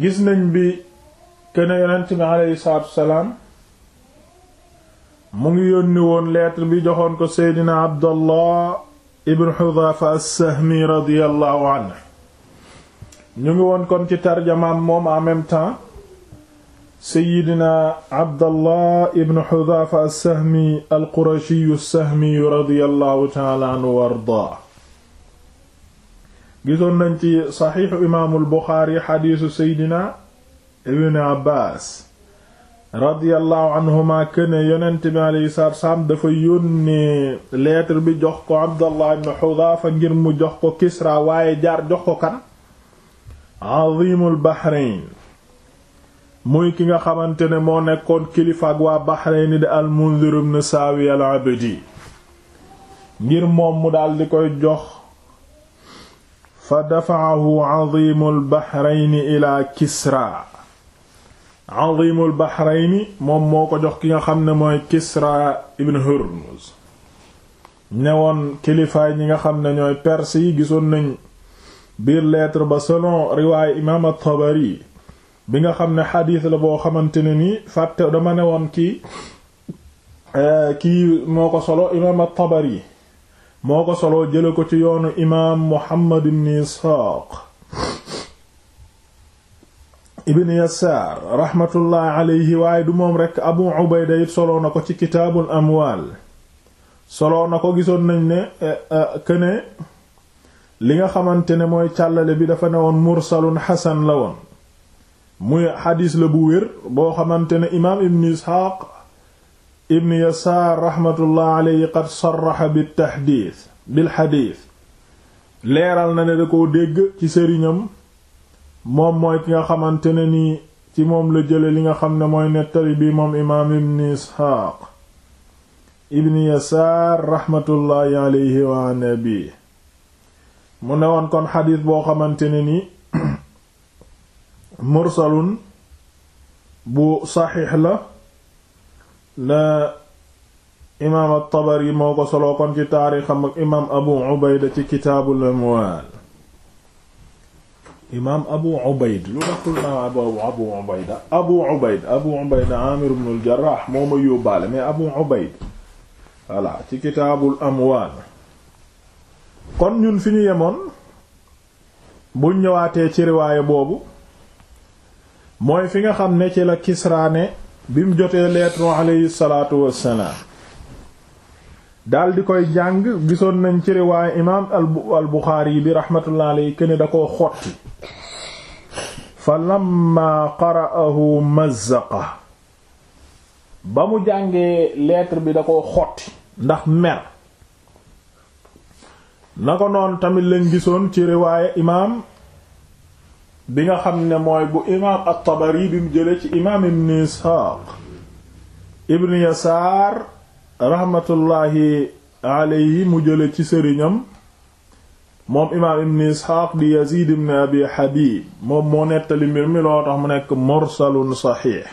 gis nañ bi kene yonent bi aleyhi salaatu wasalaam mu ngi yónni woon lettre bi joxoon ko seydina abdallah ibn xudaafa as-sahmi anhu ñu ngi woon kon ci tarjamaam moom en même temps seydina abdallah ibn xudaafa as-sahmi al-qurashiyu as anhu wa gisoon nañ ci saxiixu imaamul Buxaari xadiisu seydina ibn Abbaas radiyallahu anhuma këne yonent bi alayhi dafa yónnee lettre bi jox ko Abdallah ibn Xudaafa ngir mu jox ko Kisra waaye jaar jox ko kan azimul Bahrayn muy ki nga xamante ne moo nekkoon kilifaak waa Bahrayn di al Munzir ibn al Abdi ngir moom mu daldi koy jox fa dafaahu azimu lbahrayni ila kisra azimu lbahrayni moom moo ko jox ki nga xam ne mooy kisra ibn hurmuz ñewoon kilifaay ñi nga xam ne ñooy perse yi gisoon nañ biir lettre ba solo riwaaya imaam at bi nga xam ne xadiis la boo xamante ne ni fàtte dama newoon kii eh, kii moo ko solo imaam at moo ko soloo jële ko ci yoonu imaam Muhammad ibn Isxaaq ibn Yasaar raxmatullahi waaye du moom rekk Abu Ubayda it soloo na ko ci kitaabul amwaal soloo na ko gisoon nañ ne eh, eh, këne li nga xamante ne mooy càllale bi dafa ne woon mursalun xasan la woon muy xadiis la bu wér boo xamante ne imaam ibn Isxaaq ibn yasaar raxmatullah alayhi qad sarraxa bi taxdiis bil xadiis leeral na ne da koo dégg ci sëriñam moom mooy ki nga xamante ne nii ci moom la jële li nga xam ne mooy nettali bi moom imaam ibn isxaaq ibn yasaar raxmatullaahi alayhi wa nabi mu ne woon kon xadiis boo xamante ne nii mursalun bu saxiix la la imaam at-Tabari ci taarixam Abu Ubayd ci kitaabul amwaal imaam Abu Ubayd lu taxul naa Abu Abu Ubayd Abu Ubayd Abu Ubayd Aamir ibn al-Jarrah moo ma yóbbaale mais Abu Ubayd voilà ci kitaabul amwaal kon ñun fi ñu yemoon buñ ñëwaatee ci riwaaye boobu mooy fi nga xam ne ci la Kisraa ne bi mu jotee lettre alayhi salaatu koy jàng gisoon nañ ci riwaaye imaam al Buxaari bi raxmatullahi alayhi da koo xotti fa lamma qara'ahu mazzaqa ba mu jàngee lettre bi da koo xotti ndax mer na ko noonu tamit lañ gisoon ci riwaaye imaam bi nga xam ne mooy bu imaam at-Tabari bi mu jëlee ci imaam ibn Isxaaq ibn Yasaar raxmatullaahi alayhi mu jëlee ci sëriñam moom imaam ibn Isxaaq di Yaziid ibn Abi Habiib moom moo nettali mbir mi loo tax mu nekk mursalun saxiix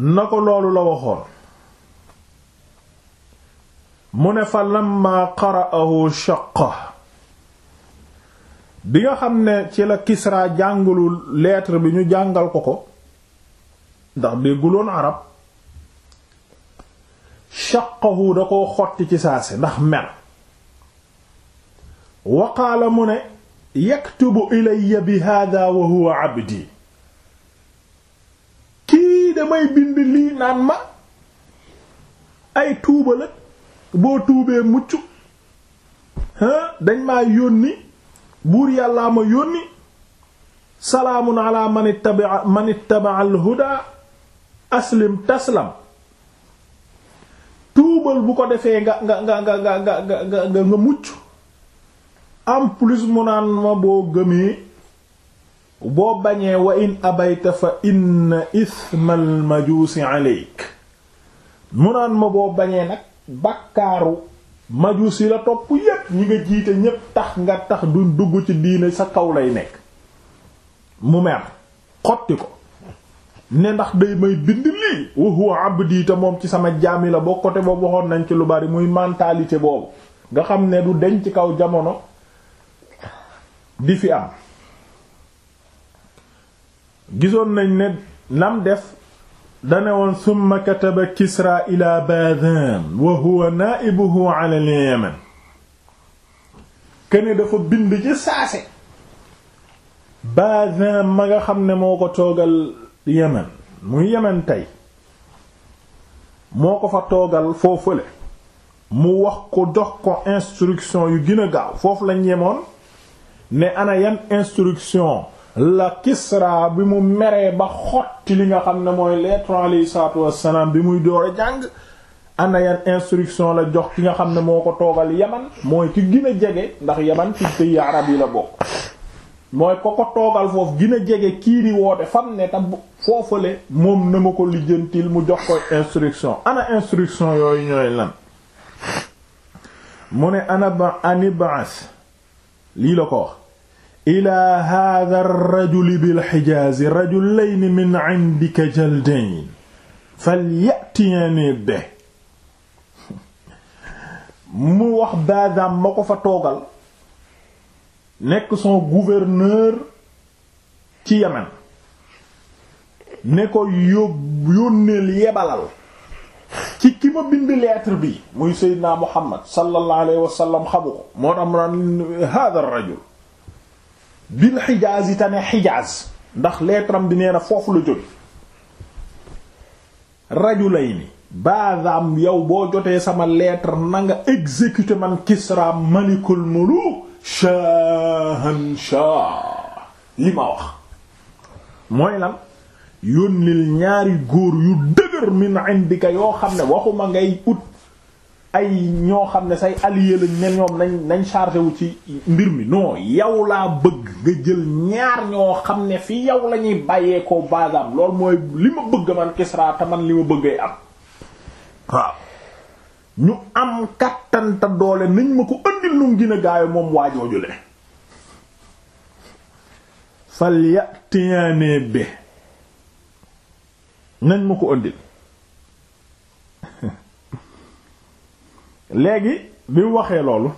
na ko loolu la waxoon mu ne fa lamma qara'ahu shaqqa bi nga xam ne ci la Kisra jàngulul lettre bi ñu jàngal ko ko ndax dégguloon arab shaqahu da koo xotti ci saa si ndax mer waqaala mu ne yaktubu ilayya bi hada wa huwa abdi kii damay bind lii naan ma ay tuuba la boo tuubee mucc dañ ma yónni buur yàllaa ma yónni salaamun ala man ittaba al huda aslim taslam tuubal bu ko defee nga nga nga nga nga nga mucc en plus mu naan ma boo gëmee boo bañee wa in abayta fa inna ismal majuusi aleyk mu ma boo bañee nag bakkaaru majusi la topp yépp ñi nga jiite ñépp tax nga tax du dugg ci diine sa kaw lay nekk mu mer xotti ko ne ndax day may bind lii wa huwa abdi moom ci sama jaami la boo côté boobu waxoon nañ ci lu bari muy mentalité boobu nga xam ne du deñ ci kaw jamono di fi am gisoon nañ ne nam def dane woon summa kataba kisra ila baadhan wa huwa naaibuhu ala al kene dafa bind ci saase baadhan ma nga xam ne moo ko toogal yaman muy yaman tey moo ko fa toogal foofule mu wax ko dox ko instruction yu gën gaaw foofu lañ yemoon ne ana yan instruction la Kisra bi mu meree ba ci li nga xam ne mooy lettre alayhi salaatu wassalaam bi muy door a jàng ana yan instruction la jox ki nga xam ne moo ko toogal yaman mooy ki gën a jege ndax yaman ci pays arab yi la bokk mooy ko ko toogal foofu gina a jege kii di woote fam ne tam foofale moom na ma ko lijjantil mu jox koy instruction ana instruction yooyu ñooy lan mu ne ana ba anibas lii la ko wax ilaa haadaa rajuli bilxijaazi rajulayni min indika jaldayn falyatiyani be mu wax baadaam ma ko fa toogal nekk son gouverneur ci Yemen ne ko yób yónneel yebalal ci ki ma bind lettre bi muy Seydina Muhammad sallallahu alayhi wa sallam xamu ko moo tax mu naan haadaa rajul bil xijaaz yi xijaaz ndax lettre am bi nee foofu la jóge rajulayni baadaam yow boo jotee sama lettre nanga nga exécuter man Kisra malikul muluk shahan shah li ma wax mooy lan yónnil ñaari góor yu dëgër min indika yoo xam ne waxuma ngay ut ay ñoo xam ne say allié lañ ne ñoom nañ nañ chargé wu ci mbir mi non yow laa bëgg nga jël ñaar ñoo xam ne fi yow lañuy bàyyeekoo basam lool mooy li ma bëgg man Kisra te man li ma bëggay am waaw ñu am kattanta doole nañ ma ko ëndil nu gën gaayo moom waajoojule fal yatiyaane be nañ ma ko ëndil léegi bi mu waxee loolu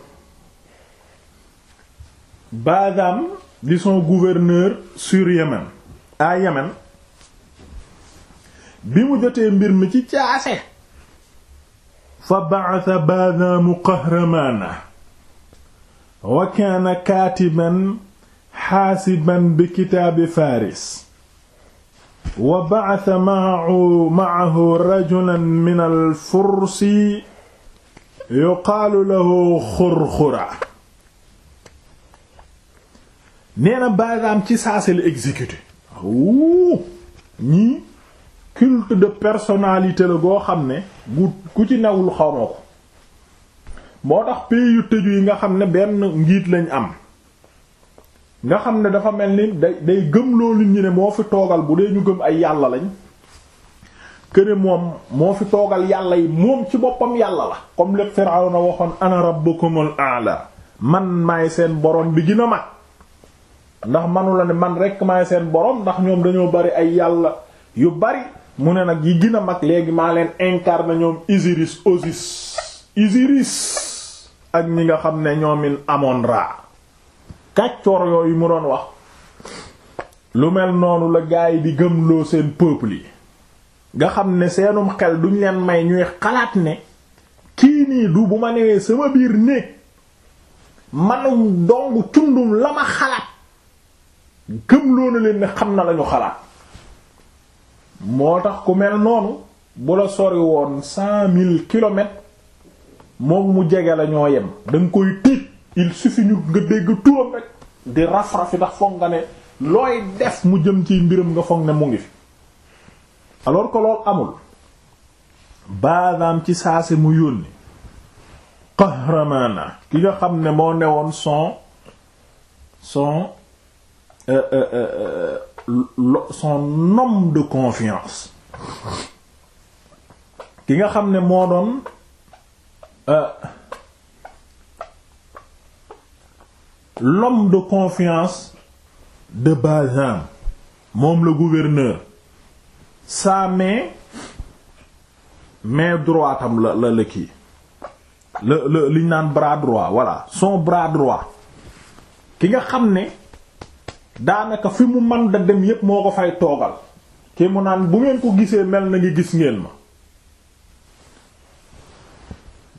Badam di son gouverneur sur Yémen à Yémen bi mu jotee mbir mi ci caase fa ba'atha Badam Qahramana wa kaana kaatiban xaasiban bi kitaabi Faris wa ba'atha ma'ahu ma'ahu rajulan min al-Fursi yuqaalu lahu xurxura nee na baadaam ci saase la exécuté wuu ñii culte de personnalité la goo xam ne gu ku ci newul xawma ko moo tax pays tëju yi nga xam ne benn njiit lañ am nga xam ne dafa mel ni day day gëm loolu ñu ne moo fi toogal bu dee ñu gëm ay yàlla lañ këne moom moo fi toogal yàlla yi moom ci boppam yàlla la comme le Firawna waxoon ana rabbukumul a'la man maay seen borom bi gën a mag ndax manu la ne man rekk maay seen borom ndax ñoom dañoo bari ay yàlla yu bari mu ne nag yi gën a mag léegi maa leen incarne ñoom Isiris Osis Isiris ak ñi nga xam ne ñoomin amoon Ra kàccoor yooyu mu doon wax lu mel noonu la gaay di loo seen peuple yi nga xam ne seenum xel duñ leen may ñuy xalaat ne kii nii du bu ma newee sama biir néeg manum dong cundum la ma xalaat gëm loona leen ne xam na lañu xalaat moo tax ku mel noonu bu la sori woon cent mil kilomètres moom mu jege la ñoo yem da koy tiit il suffit ñu nga dégg turam rek di raf-rafi ndax foog nga ne looy def mu jëm ci mbiram nga foog ne mu ngi fi alors que loolu amul baadaam ci saase mu yónni qahramaana ki nga xam ne moo newoon son son euh, euh, euh, euh son homme de confiance ki nga xam ne moo doon euh, l'homme de confiance de Bazin moom la gouverneur sa mais mais droite am la liñ naan bras droit voilà son bras droit ki nga xam ne daanaka fi mu man da dem yépp moo ko fay toogal ki mu naan bu ngeen ko gisee mel na ngi gis ngeen ma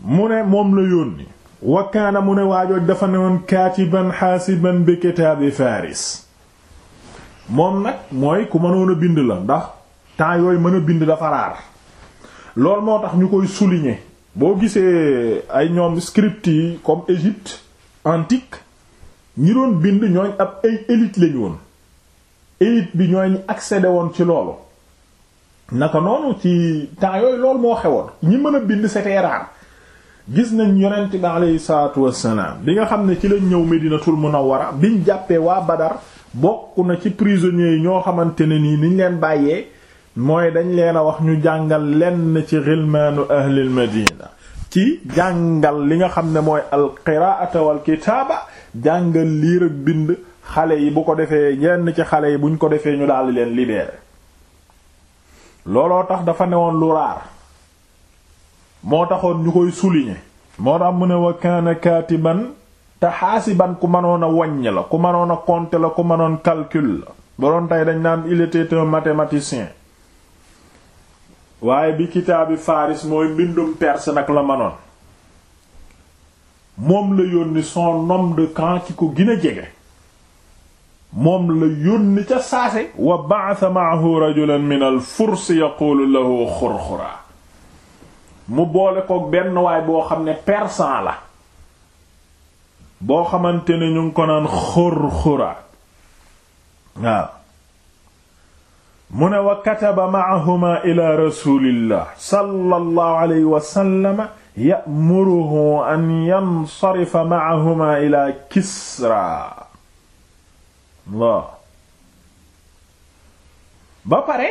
mu ne moom la yónni wakkaana mu ne waajooj dafa ne woon kaatiban xaasiban bi kitaabi faris moom nag mooy ku mënoon bind la ndax temps yooyu mën a bind dafa raar loolu moo tax ñu koy souligner boo gisee ay ñoom script yi comme Égypte antique ñi doon bind ñooñ ab ay élite lañu woon élite bi ñooñ accédé woon ci loolu naka noonu ci temps yooyu loolu moo xewoon ñi mën a bind c'était rare gis nañ yonent bi aleyhi salaatu wassalaam bi nga xam ne ci lañ ñëw Medinatul Munawwara biñ jàppee waa Badar bokk na ci prisonniers yi ñoo xamante ne nii niñ leen bàyyee mooy dañ leen a wax ñu jàngal lenn ci xilmaanu ahlil madina ci jàngal li nga xam ne mooy alqiraata wal kitaaba jàngal liir ak bind xale yi bu ko defee yenn ci xale yi buñ ko defee ñu daldi leen libéré looloo tax dafa newoon lu raar moo taxoon ñu koy souligner moo tax mu ne wa kaana kaatiban te xaasiban ku mënoon a wàññ la ku mënoon konte la ku mënoon calcul la ba doon tey dañ naan il était waaye bi kitaabi faris mooy mbindum perse nag la manoon moom la yónni son homme de ci ko gën jege moom la yónni ca saase wa ba'atha ma'ahu rajulan min al yaqulu lahu xurxura mu boole koog benn waay boo xam ne persan la boo xamante ne ñu ngi ko naan xurxura waaw mu ne wa kataba ma'ahuma ila rasulillah sallallahu alayhi wa sallam ya'muruhu an yansarifa ma'ahuma ila Kisra Allah ba pare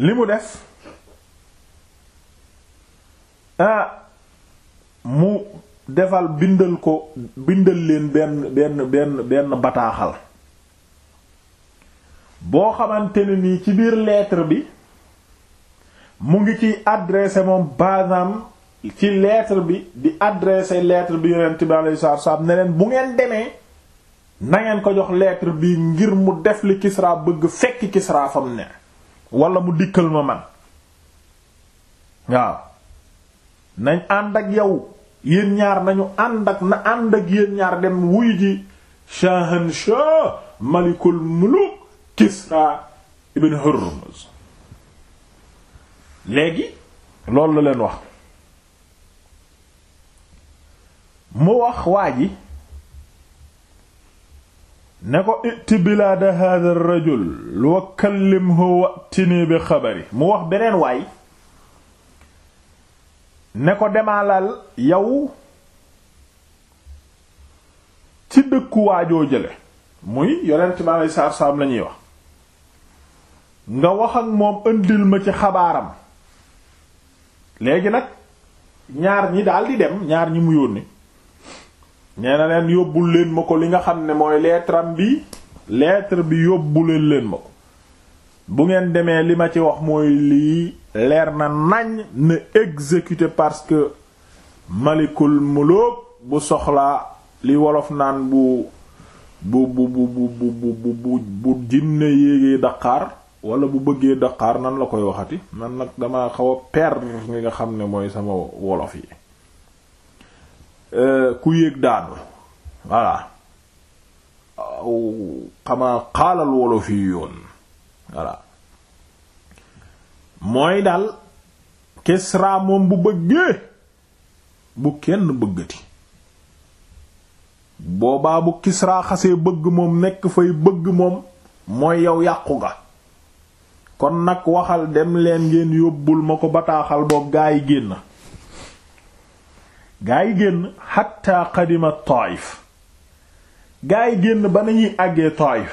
li mu def ah mu defal bindal ko bindal leen benn benn benn benn bataaxal boo xamante ne nii ci biir lettre bi mu ngi ciy adressé moom basam ci lettre bi di adressé lettre bi yonent bi alayhi salaatu salaam ne bu ngeen demee nangeen ko jox lettre bi ngir mu def li Kisra bëgg fekk Kisra fam ne wala mu dikkal ma man waaw nañ ànd ak yow yéen ñaar nañu ànd ak na ànd ak yéen ñaar dem wuy ji Shahanshah Malikul Muluk Kisra ibn Hurmuz léegi loolu la leen wax mu wax waa ji ne ko itti bilaada hadha ar-rajul wa kallimhu wa'tini bi xabari mu wax beneen waay ne ko demaalal yow ci dëkku waajoo jële muy yonent ma lay saar saam lañuy wax nga wax ak moom ëndil ma ci xabaaram léegi nag ñaar ñi daal dem ñaar ñi mu yónni nee leen yóbbul leen ma ko li nga xam ne mooy lettre bi lettre bi yóbbuleen leen ma ko bu ngeen demee li ma ci wax mooy lii leer na nañ ne exécuté parce que malikul muluk bu soxlaa li wolof naan bu bu bu bu bu jinne yéegee daqaar wala bu bëggee daqaar nan la koy waxati nan nag dama xaw a perdre li nga xam ne mooy sama wolof yi euh, ku yéeg daanu voilà xamaa xaalal wolof yi yoon voilà mooy daal Kisra moom bu bëggee bu kenn bëggati boobaa bu Kisra xasee bëgg moom nekk fay bëgg moom mooy yow yàqu nga kon nag waxal dem leen ngeen yóbbul ma ko bataaxal boobu gaay yi génn gaa génn xatta qadima Taayif gaa génn ba nañuy àggee Taayif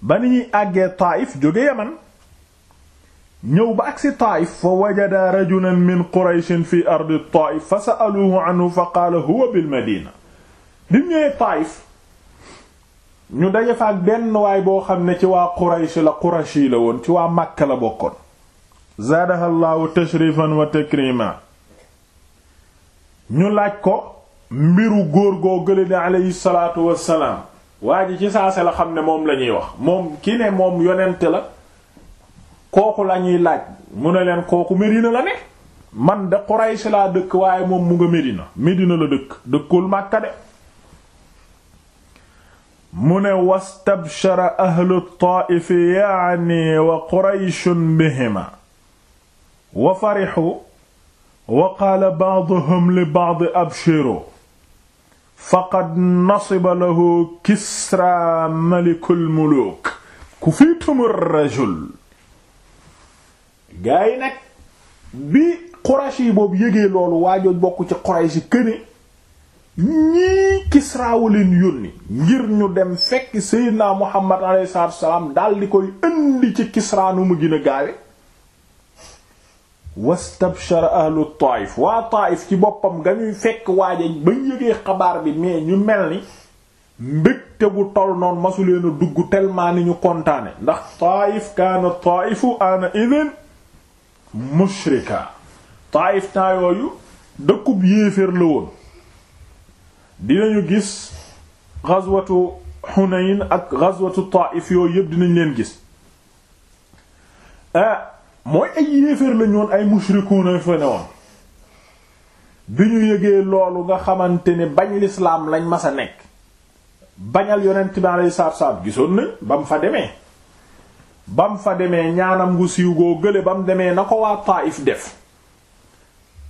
ba nañuy àggee Taayif jóge Yaman ñëw ba agsi Taayif fa wajada rajulan min Qurayshin fi ardi Taayif fa sa'aluhu anhu fa qaala huwa bil Madina bi Taayif ñu daje benn waay boo xam ne ci waa Quraysh la Qurashi la woon ci waa Makka la bokkoon zaadaha llaahu tashrifan wa takrima ñu laaj ko mbiru góor goo gële ni aleyhi salaatu wassalaam waa ji ci saase la xam ne moom la ñuy wax moom ki ne moom yonent la kooku la ñuy laaj mu ne leen kooku Medina la ne man de Quraysh laa dëkk waaye moom mu nga Medina Medina la dëkk dëkkul Makka de mu ne wastabshara ahlu taaif yaani wa qurayshun bihima wa farixu wa qaala baaduhum li baadi abshiru faqad nasiba lahu kisra malikul muluk ku fiitum rajul gaa yi nag bi qurash yi boobu yégee loolu waajooj bokk ci quraysh këne ñii Kisra leen yónni ngir ñu dem fekk Seydina Muhammad alayhi salaatu mu gën a gaawe waa Taayif ci boppam nga ñuy fekk waaja bañ yëgee xabaar bi mais ñu mel ni mbégte bu toll noonu masu leen a dugg tellement ñu kontaane ndax Taayif kaana Taayifu ana idin mushrika Taayif temps yooyu dëkkub yéeféer la woon dinañu gis ghazwatu Hunayn ak ghazwatu Taif yooyu yëpp dinañ leen gis ah, mooy ay yéeféer lañu woon ay mushrikuuna fa ne woon bi ñu yëgee loolu nga xamante ne bañ lislaam lañ mas a nekk bañal yonent bi alayhi salaatu salaam gisoon nañ ba mu fa demee ba mu fa demee ñaanam ngu siiw goo gële ba mu demee na ko waa Taif def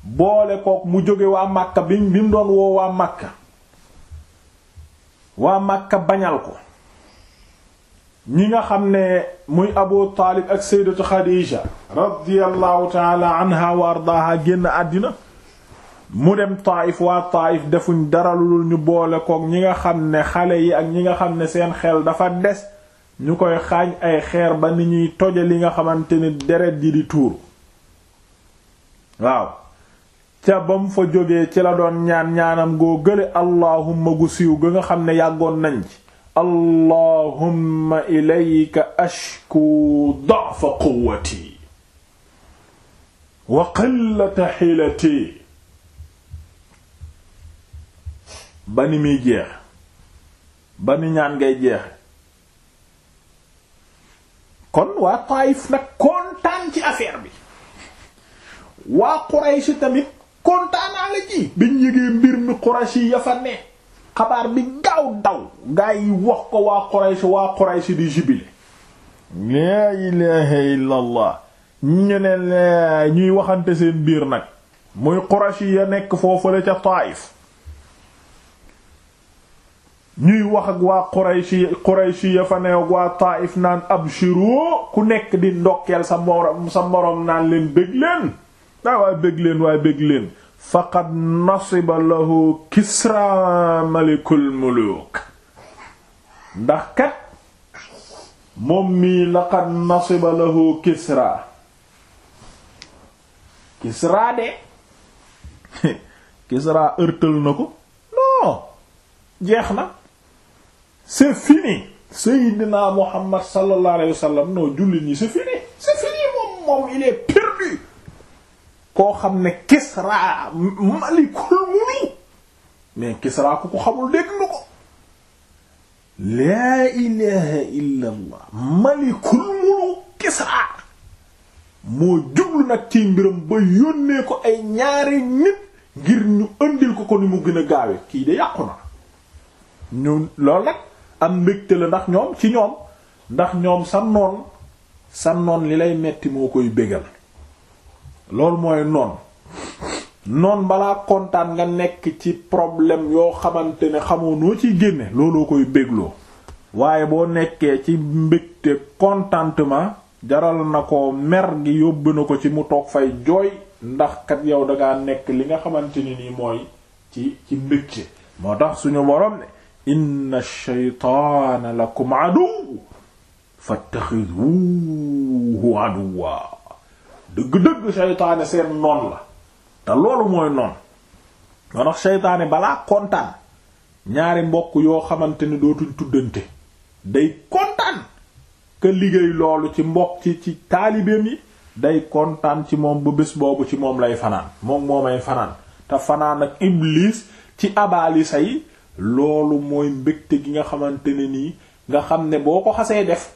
boole kook mu jóge waa Makka bi bi mu doon woo waa Makka waa Makka bañal ko ñi nga xam ne muy Abu Taalib ak sayyidatu Xadiija radiyallahu taala anha wa ardaaha génn àddina mu dem Taayif waa Taayif defuñ dara lu ñu boole koog ñi nga xam ne xale yi ak ñi nga xam ne seen xel dafa des ñu koy xaañ ay xeer ba ni ñuy toje li nga xamante ni deret ji di tuuru waaw ca ba mu fa jógee ci la doon ñaan ñaanam goo gële allahumma gu siiw ga nga xam ne yàggoon nañ ci allahumma ilayka ashku da'fa quwwati wa qillata hilati ba ni muy jeex ba ni ñaan ngay jeex kon waa Taayif nag kontaan ci affaire bi waa Quraysh tamit kontaanaa la ci biñ yëgee mbir mi Qurayshi ya fa ne xabaar bi gaaw daw gaa yi wax ko waa Quraysh waa Quraysh di jibile laa ilaha illa ñu ne la ñuy waxante seen biir nag muy Qurayshi ya nekk foofale ca Taayif ñuy wax ak waa Qurayshi ya fa neew waa Taayif naan abshiru ku nekk di ndokkeel sa moroom sa moroom naan leen dégg leen daa waaye bég leen waaye bég leen faqad nasiba lahu kisra malikul muluk ndax kat moom mii laqad nasiba lahu kisra kisra de kisra ërtal na ko non jeex na c'est fini Muhammad sallallahu alayhi wa sallam non jullit ñi c'est moom moom il koo xam ne Kisra malikul muluk mais Kisra ku ko xamul dégg na ko laa ilaha illa allah malikul muluk Kisra moo jublu nag ci mbiram ba yónnee ko ay ñaari nit ngir ñu indil ko ko ni mu gën a gaawe kii de yàqu na ñu loolu nag am mbégte la ndax ñoom ci ñoom ndax ñoom sa noon sa noon li lay metti moo koy bégal loolu mooy noon noon balaa kontaan nga nekk ci problème yoo xamante ne xamoo noo ciy génne looloo koy bégloo waaye boo nekkee ci mbégte contentement jaral na ko mer gi yóbbu na ko ci mu toog fay jooy ndax kat yow dangaa nekk li nga xamante ni nii mooy ci ci mbégte moo tax suñu borom ne inna shaytaana lakum aduw fattaxiduhu aduwwa dëgg-dëgg seytaane seen noon la te loolu mooy noon moo tax seytaane balaa kontaan ñaari mbokk yoo xamante ne dootuñ tuddante day kontaan ka liggéey loolu ci mbokk ci ci taalibeem yi day kontaan ci moom ba bés boobu ci moom lay fanaan moom moomay fanaan te fanaan ak iblis ci abaalisa yi loolu mooy mbégte gi nga xamante ne nii nga xam ne boo ko xasee def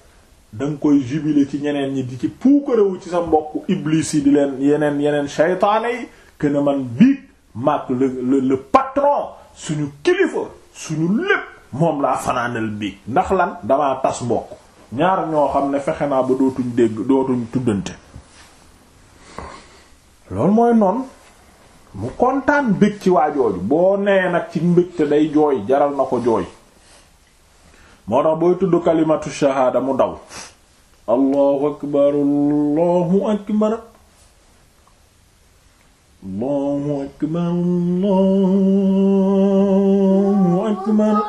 danga koy jubilé ci ñeneen ñi di ci puukarewu ci sa mbokk iblis yi di leen yeneen yeneen shaytaane yi kën a man biig maag le le patron suñu kilifa suñu lépp moom laa fanaanal biig ndax lan damaa tas mbokk ñaar ñoo xam ne fexe naa ba dootuñ dégg dootuñ tuddante loolu mooy noon mu kontaan bég ci waajooju boo nee nag ci mbégte day jooy jaral na ko jooy moo tax booy kalimatu shahaada mu daw allahu akbar allahu akbar allahu akbar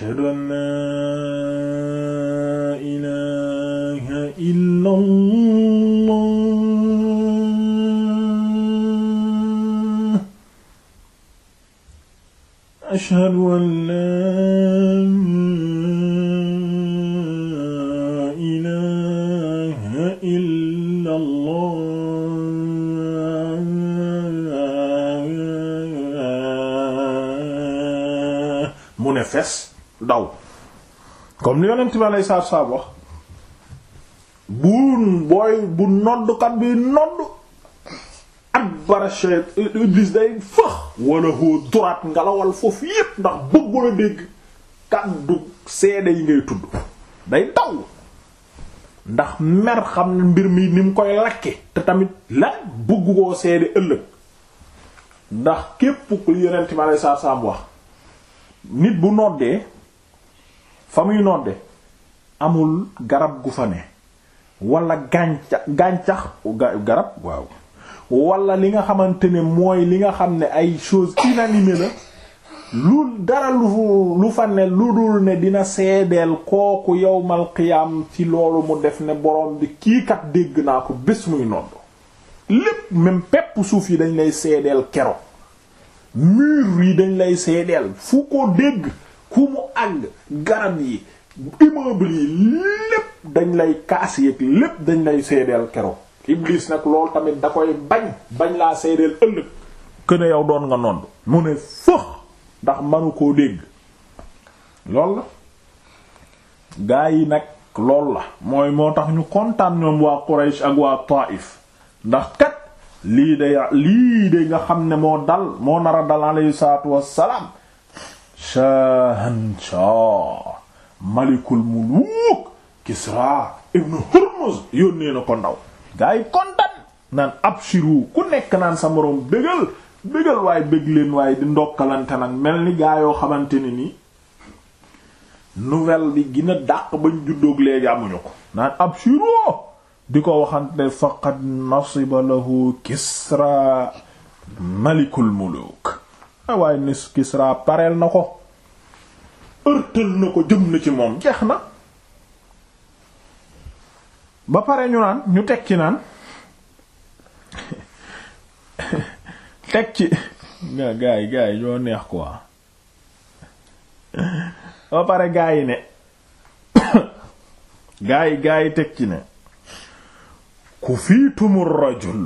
allahu la ilaha illa allah ashhadu an laa ilaaha illallaah mu ne fes daw comme ni yonent bi alayhi salaatu wa salaam wax bu booy bu noddkat bi nodd parachet iblis day fëx wala hoo duraat ngalawal foofu yépp ndax bëggu la dégg seede yi ngay tudd day daw ndax mer xam ne mbir mi ni mu koy lakke te tamit la bëgg koo seede ëllëg ndax képp li yonent mi alei saatu salaam wax nit bu noddee fa muy nodde amul garab gu fa ne wala gàncax gàncax garab waaw wala li nga xamante ne mooy li nga xam ne ay choses inanimées la lu dara lu lu fa ne lu dul ne dina seedeel kooku yowmal qiyaam ci loolu mu def ne borom bi kiikat dégg naa ko bés muy nodd lépp même pepp suuf yi dañ lay seedeel kero mur yi dañ lay seedeel fu ko dégg ku mu àgg garab yi immeuble yi lépp dañ lay kaas yëg lépp dañ lay seedeel kero iblis nag loolu tamit da koy bañ bañ laa seedeel ëllëg këne yow doon nga noonu mu ne fëx ndax manu koo dégg lool la gaa yi nag lool la mooy moo tax ñu kontaan ñoom waa Quraysh ak waa Taif ndax kat lii de lii de nga xam ne moo dal moo nar a dal alayhi salaatu wassalaam shahanshah malikul muluk Kisra ibn Hurmuz yónnee na ko ndaw gaa yi kontaan naan abshiru ku nekk naan sa moroom bégal bégal waaye bég leen waaye di ndokkalante nag mel ni gaa yoo xamante ne nii nuwel bi gën dàq bañ juddoog léegi amuñu ko naan abshiru di ko waxante faqad nasiba lahu malikul muluk waaye nis kisra pareel na ko ërtal na ko jëm na ci moom jeex na ba pare ñu naan ñu teg ci naan teg ci nga gaay gaay ñoo neex quoi ba pare gaay ne gaay gaay teg ci ne ku fiitumur rajul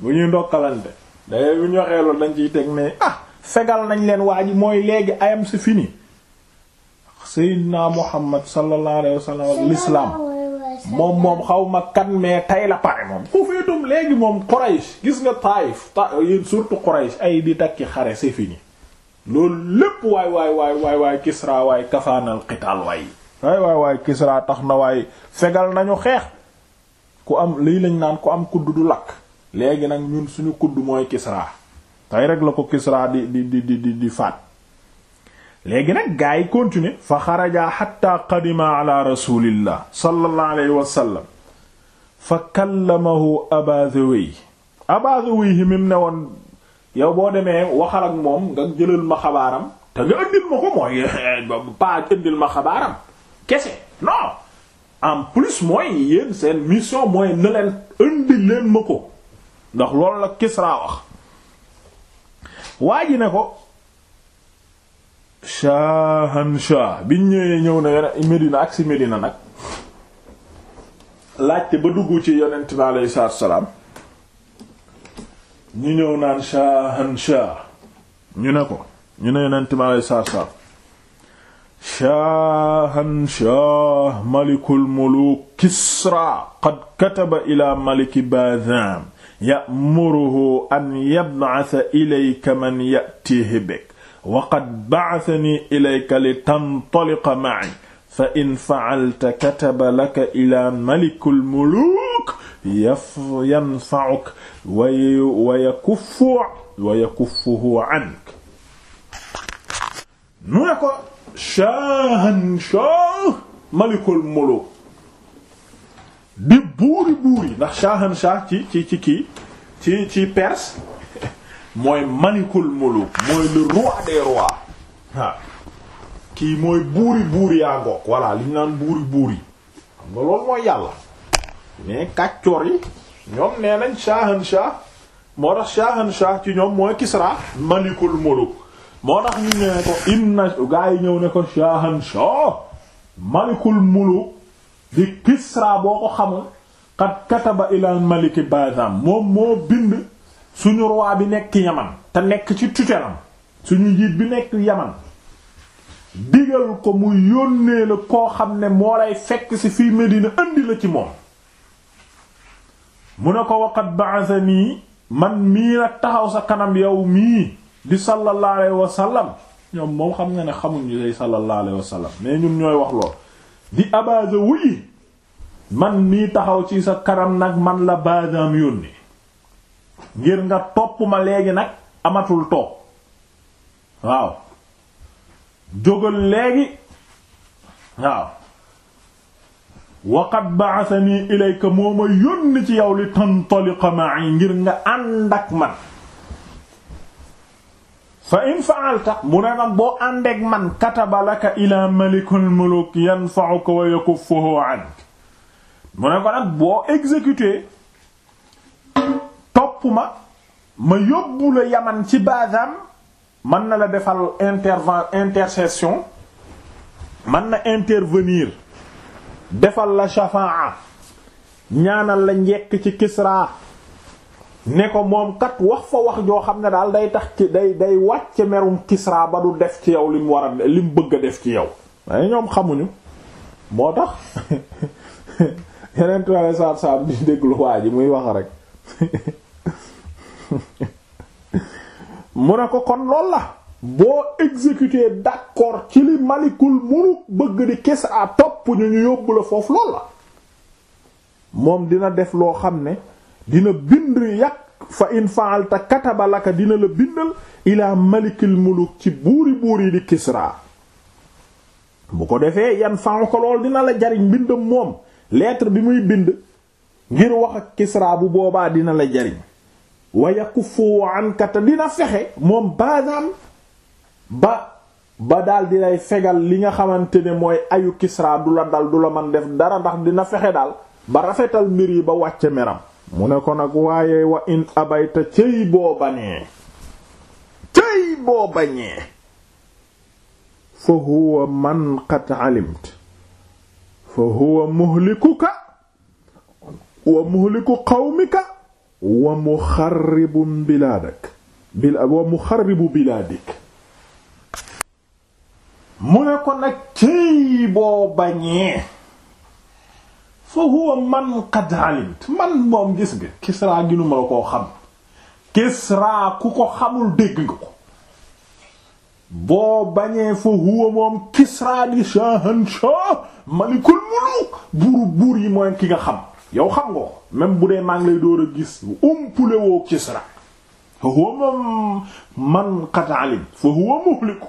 bu ñuy ndokkalante dangay bu ñu waxee dañ ciy teg ne ah fegal nañ leen waa ji mooy léegi ayam si fini Seydina Muhammad sallallahu alayhi wa sallam l'islam moom moom xaw ma kan mais tey la pare moom ku féetum léegi moom Quraysh gis nga Taayif surtout Quraysh ay di takki xare c'est fini loolu lépp waay waay waay waay waay Kisra waay kafaanal qitaal waay waay waay waay Kisra tax na waay fegal nañu xeex ku am lii lañ naan ku am kudd du lakk léegi nag ñun suñu kudd mooy Kisra tey rek la ko Kisra di di di di di faat léegi nag gaa yi continuer fa xaraja xatta qadima ala sallallahu alayhi wa sallam fa kallamahu Aba Zawayh Aba ne woon yow boo demee waxal ak moom nga jëlal ma xabaaram te nga ëndil ma ko mooy pas ëndil ma xabaaram kese non en plus mooy yéen seen mission mooy na leen ëndil leen ma ko ndax loolu la Kisra wax waa ji ne ko shaahan shaah biñ ñëwee ñëw na yeneen Medina ak si Medina nag laajte ba dugg ci yonent bi aleyhi salaatu salaam ñu ñëw naan shaahan shaah ñu ne ko ñu ne yonent bi aleyhi salaatu salaam shaahan shaah malikul muluk Kisra qad kataba ila maliki Bazam ya'muruhu an yab'atha ilayka man ya'tihi bik wa qad ba'athani ilayka li tantaliqa ma'i fa in fa'alta kataba laka ila malikul muluk yaf yanfa'uk wa wa yakuffu wa yakuffuhu ank nu ne ko shaahan shaah malikul muluk di buuri buuri ndax shaahan shaah ci ci ci kii ci ci Perse mooy malikul muluk mooy le roi des rois kii mooy buuri buuri yaa ngoog voilà li naan buuri buuri xam loolu mooy yàlla mais kàccoor yi ñoom nee nañ shahan shah moo tax shahan shah ci ñoom mooy kisra malikul muluk moo tax ñu ne ko inna gaa yi ñëw ne ko shahan shah malikul muluk di kisra boo ko xamul kat kataba ilal maliki bazam moom moo bind suñu roi bi nekk yaman te nekk ci tutelam suñu jiit bi nekk yaman digal ko mu yónnee la koo xam ne moo lay fekk ci fii Medina indi la ci moom mu ne ko waqat ba'athani man mii nag taxaw sa kanam yow mii di sallallahu alayhi wa sallam ñoom moom xam nga ne xamuñu lay sallallahu alayhi wa sallam mais ñun ñooy wax lool di abaza wuyi man mii taxaw ci sa kanam nag man la badam yónni ngir nga topp ma léegi nag amatul too waaw jógal léegi waaw waqad ba'athani ilayka moo ma yónni ci yow li tantaliqa ma'i ngir nga ànd man fa in fa'alta mu ne nag boo àndeek man kataba laka ila malikul muluk yanfa'uka wa yakuffuhu 'ank mu ne ko nag boo exécuté jàpp ma ma yóbbu la yaman ci basam mën na la defal interven intercession mën na intervenir defal la chafan ñaanal la njekk ci kisraa ne ko moom kat wax fa wax joo xam ne daal day tax ci day day wàcce merum kisraa ba du def ci yow li mu war a li bëgg a def ci yow waaye ñoom xamuñu moo tax yeneen trois saab saab di déglu waa ji muy wax rek mu ne ko kon lool la boo exécuté d'accord ci li malikul muluk bëgg di kes a topp ñu ñu yóbbu la foofu lool la moom dina def loo xam ne dina bind yàq fa in faalta kataba laka dina la bindal ilaa malikul muluk ci buuri buur di kisraa bu ko defee yan fanu ko lool dina la jariñ bindam moom lettre bi muy bind ngir wax ak kisraa bu boobaa dina la jariñ wa yakuffu anka te dina fexe moom baadaam ba ba daal di lay fegal li nga xamante ne mooy ayu Kisra du la dal du la man def dara ndax dina fexe daal ba rafetal mbir yi ba wàcce meram mu ne ko nag waaye wa in abayta cëy boo bañee cëy boo bañee fa huwa man alimt fa huwa muhlikuka wa muhliku qawmika wa muxarribu bilaadak wa muxarribu bilaadik mu ne ko nag cëy boo bañee fa huwa man qad alimt man moom gis nga kisraa ginuma la koo xam kisraa ku ko xamul dégg nga ko boo bañee fa huwa moom kisraa di shahan shah malikul muluk buur buur yi mooy ki nga xam yow xam nga ko même bu dee maa ngi lay door a gis umpule woo Kisra fa huwa man qad alim fa muhliku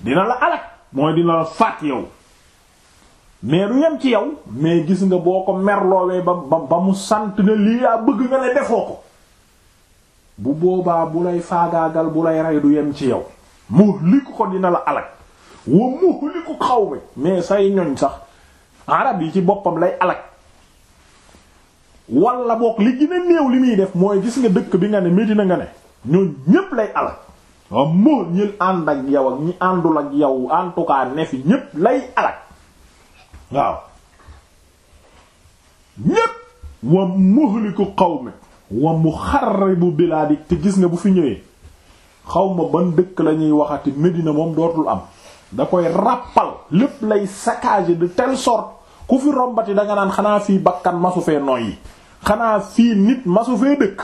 dina la alak mooy dina la faat yow mais du yem ci yow mais gis nga boo ko merloowee ba ba mu sant ne lii yaa bëgg nga ne defoo ko bu boobaa bu lay faagaagal bu lay rey du yem ci yow muhliku ko dina la alak wa muhliku xaw mi mais say ñoñ sax arab yi ci boppam lay alak wala boog li gën a néew li muy def mooy gis nga dëkk bi nga ne Medina nga ne ñoo ñépp lay alal waaw moo ñil ànd ak yow ak ñi àndul ak yow en tout fi ñépp lay alal waaw ñépp wa muhliku qawmi wa muxarribu bilaadi te gis nga bu fi ñëwee xawma ban dëkk lañuy ñuy waxati Medina moom dootul am da koy ràppal lépp lay saccager de tell sor ku fi rombati danga naan xanaa fii bakkan masu fee noyyi xanaa fii nit masu fee dëkk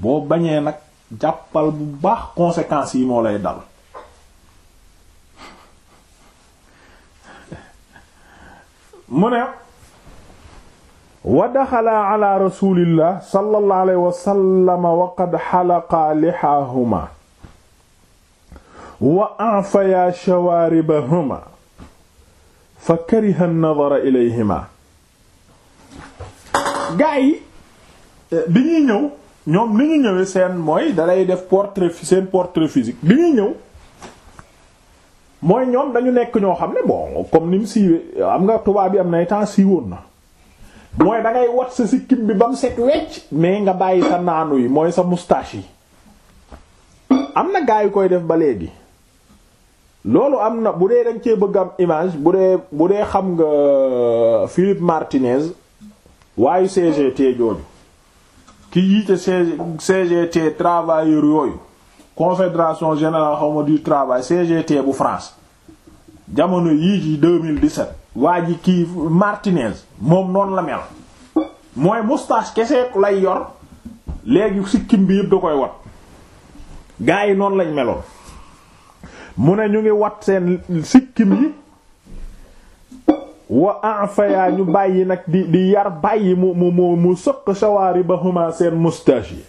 boo bañee nag jàppal bu baax conséquences yi moo lay dal mu ne wa daxala ala rasulillah sallallahu alayhi wa sallam wa qad wa shawaaribahuma fa kariha an-nazara ilayhima gaa yi euh, bi ñuy ñëw ñoom ni ñu ñëwee seen mooy dalay def portrait seen portrait physique bi ñuy ñëw mooy ñoom dañu nekk ñoo xam ne bon comme ni mu siiwee am nga tubaab bi am nay temps siiwoon na mooy da ngay wat sa sikkim bi ba set wecc mais nga bàyyi sa naanu yi mooy sa moustache yi am na gaa yu koy def ba léegi loolu am na bu dee dañ cee bëgg am image bu dee bu dee xam nga euh, Philippe Martinez waayu CGT jooju ki yiite CGT travailleur yooyu confédération général xawma du travail CGT bu France jamono yii ci 2017 waa ji kii Martinez moom noonu la mel mooy moustache kese lay yor léegi sikkim bi yëpp da koy wat gaa yi noonu lañ meloon mu ne ñu ngi wat seen sikkim yi wa anfaya ñu bàyyi nag di di yar bàyyi mu mu mu mu sëq shawaari ba huma seen moustache yi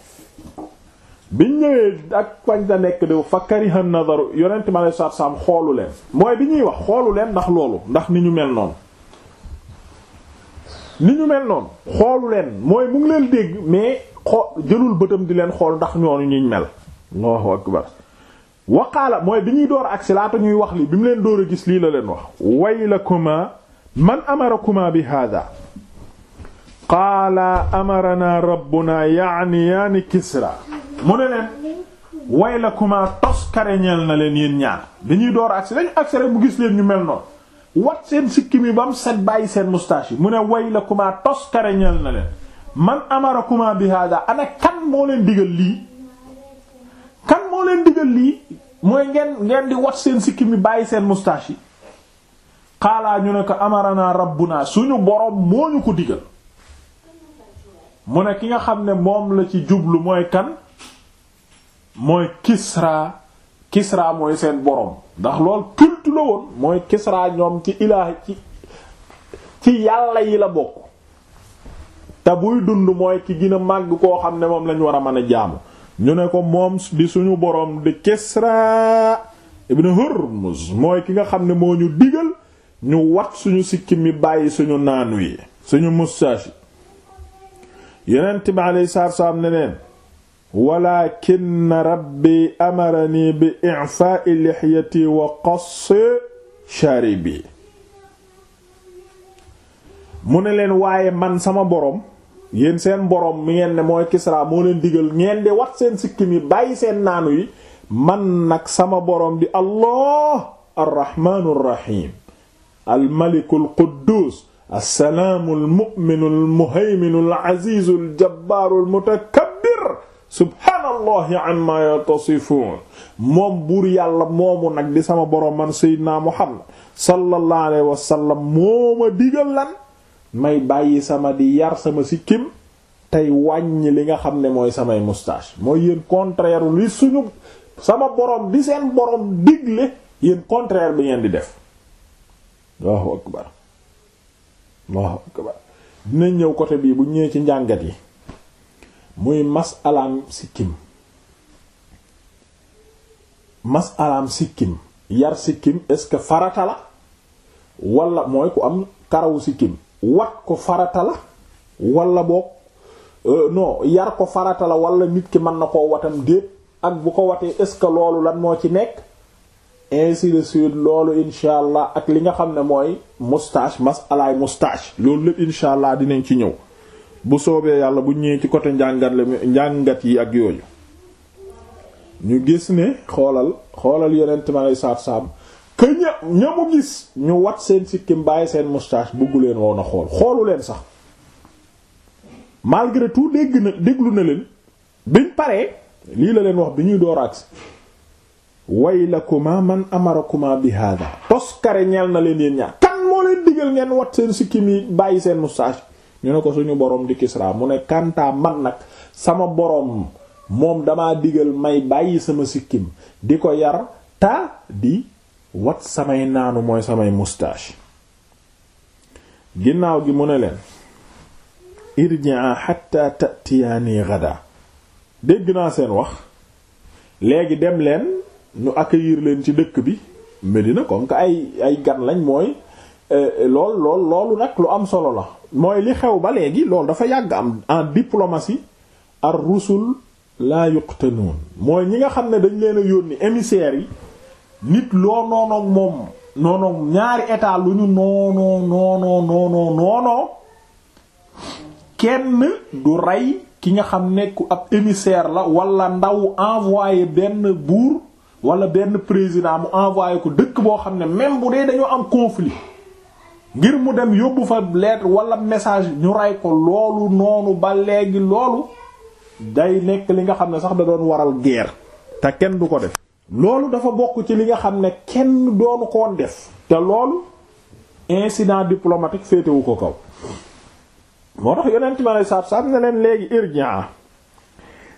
biñ ñëwee ak fañ da nekk di fa kariha nadaru yonent ma lay sat saam xoolu leen mooy bi ñuy wax xoolu leen ndax loolu ndax ni ñu mel noonu mel noonu xoolu leen mooy mu ngi leen dégg mais xoo jëlul bëtam di leen xool ndax ñoonu ñuñ mel Allahu akbar waqaala mooy bi ñuy door a agsi laata ñuy wax li bi mu leen door a gis lii la leen wax waylakuma man amarakuma bi hada qaala amarana rabbuna yaani yaani kisra mu ne leen waylakuma toskare ñeel na leen yéen ñaar bi ñuy door a agsi dañu agsi rek mu gis leen ñu mel noonu wat seen sikki mi ba mu set bàyyi seen moustache yi mu ne waylakuma toskare ñeel na leen man amarakuma bi hada ana kan moo leen digal lii kan moo leen digal lii mooy ngeen ngeen di wat seen sikk mi bàyyi seen moustache yi xaalaa ñu ne ko amarana rabbuna suñu boroom moo ñu ko digal mu ne ki nga xam ne moom la ci jublu mooy kan mooy Kisra Kisra mooy seen boroom ndax lool cultu la woon mooy Kisra ñoom ci ilaahi ci ci yàlla yi la bokk te buy dund mooy ki gën a koo xam ne moom lañu war a mën a jaamu ñu ne ko moom di suñu boroom di Kisra ibn Hurmuz mooy ki nga xam ne moo ñu digal ñu wax suñu sikkim mi bàyyi suñu naanu yi suñu moustache yi yeneent bi alayhi salaatu salaam ne leen walakinna rabbi amarani bi i'fa'i lihyati wa qassi sharibi mu ne leen waaye man sama boroom yéen seen borom mi ngeen ne mooy Kisra moo leen digal ngeen di wat seen sikkim yi bàyyi seen naanu yi man nag sama borom di allah arrahmaanu rrahiim almaliku alquddus assalaamu almu'minu almuhayminu alazizu aljabaaru almutakabbir subhaanallahi amma yatasifuun moom buur yàlla moomu nag di sama borom man seydinaa muhammad sallallahu alayhi wa moo ma digal lan may bàyyi sama di yar sama sikkim tey wàññi li nga xam ne mooy samay moustache mooy yéen contraire li suñu sama borom di seen borom digle yéen contraire bi ngeen di def Allahu ñëw côté bii bu ñëwee ci njàngat yi muy mas alaam sikkim mas alaam sikkim yar sikkim est-ce que farata wala mooy ku am karawu sikkim wat ko farata la wala boog euh, non yar ko farata la wala nit ki mën na koo watam déet ak bu ko watee est ce que loolu lan moo ci nekk ainsi de suite loolu incha ak li nga xam ne mooy moustache masalaay moustache loolu lépp incha allah dinañ ci ñëw bu soobee yàlla bu ñëwee ci côté njàngat la njàngat yi ak yooyu ñu gis ni xoolal xoolal yeneen ma lay saab saab que ña ña mu gis ñu wat seen sikkim bàyyi seen moustache bëggu leen woon a xool xoolu leen sax malgré tout dégg na déglu na leen biñ paree lii la leen wax bi ñuy door agsi waylakuma man amarakuma bi hada toskare ñeel na leen yéen ñaar kan moo leen digal ngeen wat seen sikkim yi bàyyi seen moustache ñu ne ko suñu boroom di Kisra mu ne kantaa man nag sama boroom moom damaa digal may bàyyi sama sikkim di ko yar ta di wat samay naanu mooy samay moustache ginnaaw gi mu ne leen irji'a hatta ta'tiyani ghada dégg naa seen wax léegi dem leen ñu accueillir leen ci dëkk bi Medina comme que ay ay gan lañ mooy eh, lool lool loolu nag lu am solo la mooy li xew ba léegi loolu dafa yàgg am en diplomatie ar rusul la yuqtanun mooy ñi nga xam ne dañ leen a yónni émissaires yi nit loo noonoog moom noonoog ñaari état lu ñu noonoo noonoo noonoo noonoo kenn du rey ki nga xam nekku ku ab émissaire la wala ndaw envoyé benn buur wala benn président mu envoyé ko dëkk boo xam ne même bu dee dañoo am conflit ngir mu dem yóbbu fa lettre wala message ñu rey ko loolu noonu ba léegi loolu day nekk li nga xam ne sax da doon waral guerre te kenn du ko def loolu dafa bokk ci li nga xam ne kenn doonu koon def te loolu incident diplomatique féetewu ko kaw moo tax yeneen ma lay saab saab ne leen léegi irjaa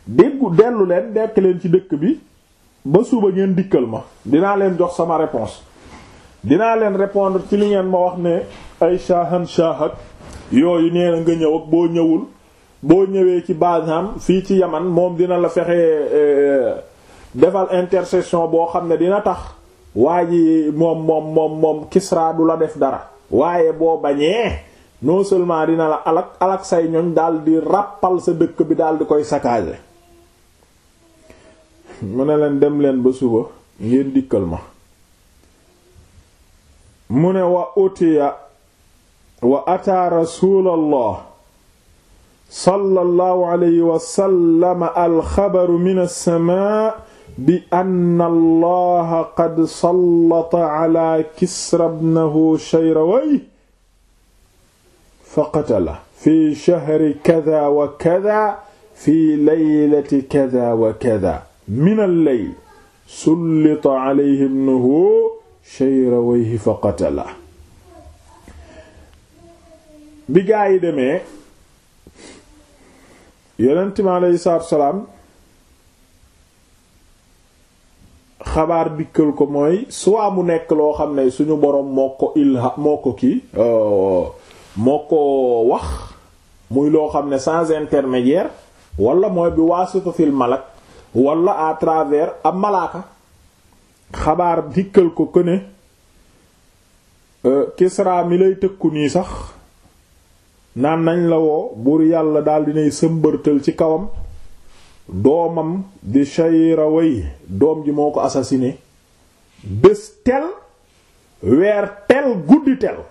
déggu dellu leen dekk leen ci dëkk bi ba suba ngeen dikkal ma dinaa leen jox sama réponse dinaa leen répondre ci li ngeen ma wax ne ay shahan shahak yooyu nee a nga ñëw boo ñëwul boo ñëwee ci basam fii ci yaman moom dina la fexe eh, defal intercession boo xam ne dina tax waa ji moom moom moom moom du la def dara waaye boo bañee non seulement dina la alak alak say ñoñ daal di ràppal sa dëkk bi daal di koy saccager mu ne leen dem leen ba suba ngeen dikkal ma mu ne wa utiya wa ataa rasulallah sallallahu alayhi wa sallam alxabaru min as-samaa bi anna allaha qad sallata ala kisra ibnahu shayrawayh fa qatala fi shahri kada wa kada fi laylati kada wa kada min al-layl sullita alayhi ibnuhu shayrawayh fa qatala bi gaa yi demee yonent mi alayhi salaatu wa salaam xabaar dikkal ko mooy soit mu nekk loo xam ne suñu boroom moo ko ilha moo ko kii euh, moo ko wax muy loo xam ne sans intermédiaire walla mooy bi waasita fil malak wala à travers ab malaaka xabaar dikkal ko que ne euh, Kisra mi lay tëkku nii sax naan nañ la woo buur yàlla daal nay sëmbërtal ci kawam doomam di Shayrawayh doom ji moo ko assassiné bés tel weer tel guddi tel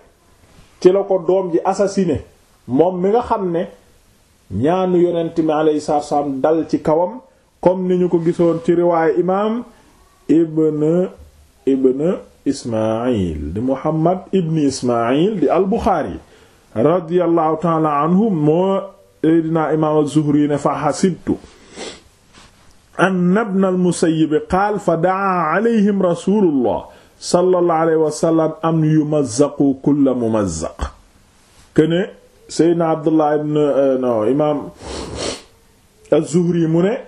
ci la ko doom ji assassiné moom mi nga xam ne ñaanu yonent mi alayhi salaatu dal ci kawam comme ni ñu ko gisoon ci riwaayu imaam ibn ibn Ismaayil di Muhammad ibn Ismaayil di al-Bukhari radiyallahu ta'ala anhu moo Seydina imaam zuhri ne fa hasibtu anna ibn al-Musayyib qaal fa da'a alayhim rasulullah sallallahu alayhi wa am yumazzaqu kulla mumazzaq kene Seydina Abdullah ibn euh, imaam az-Zuhri mu ne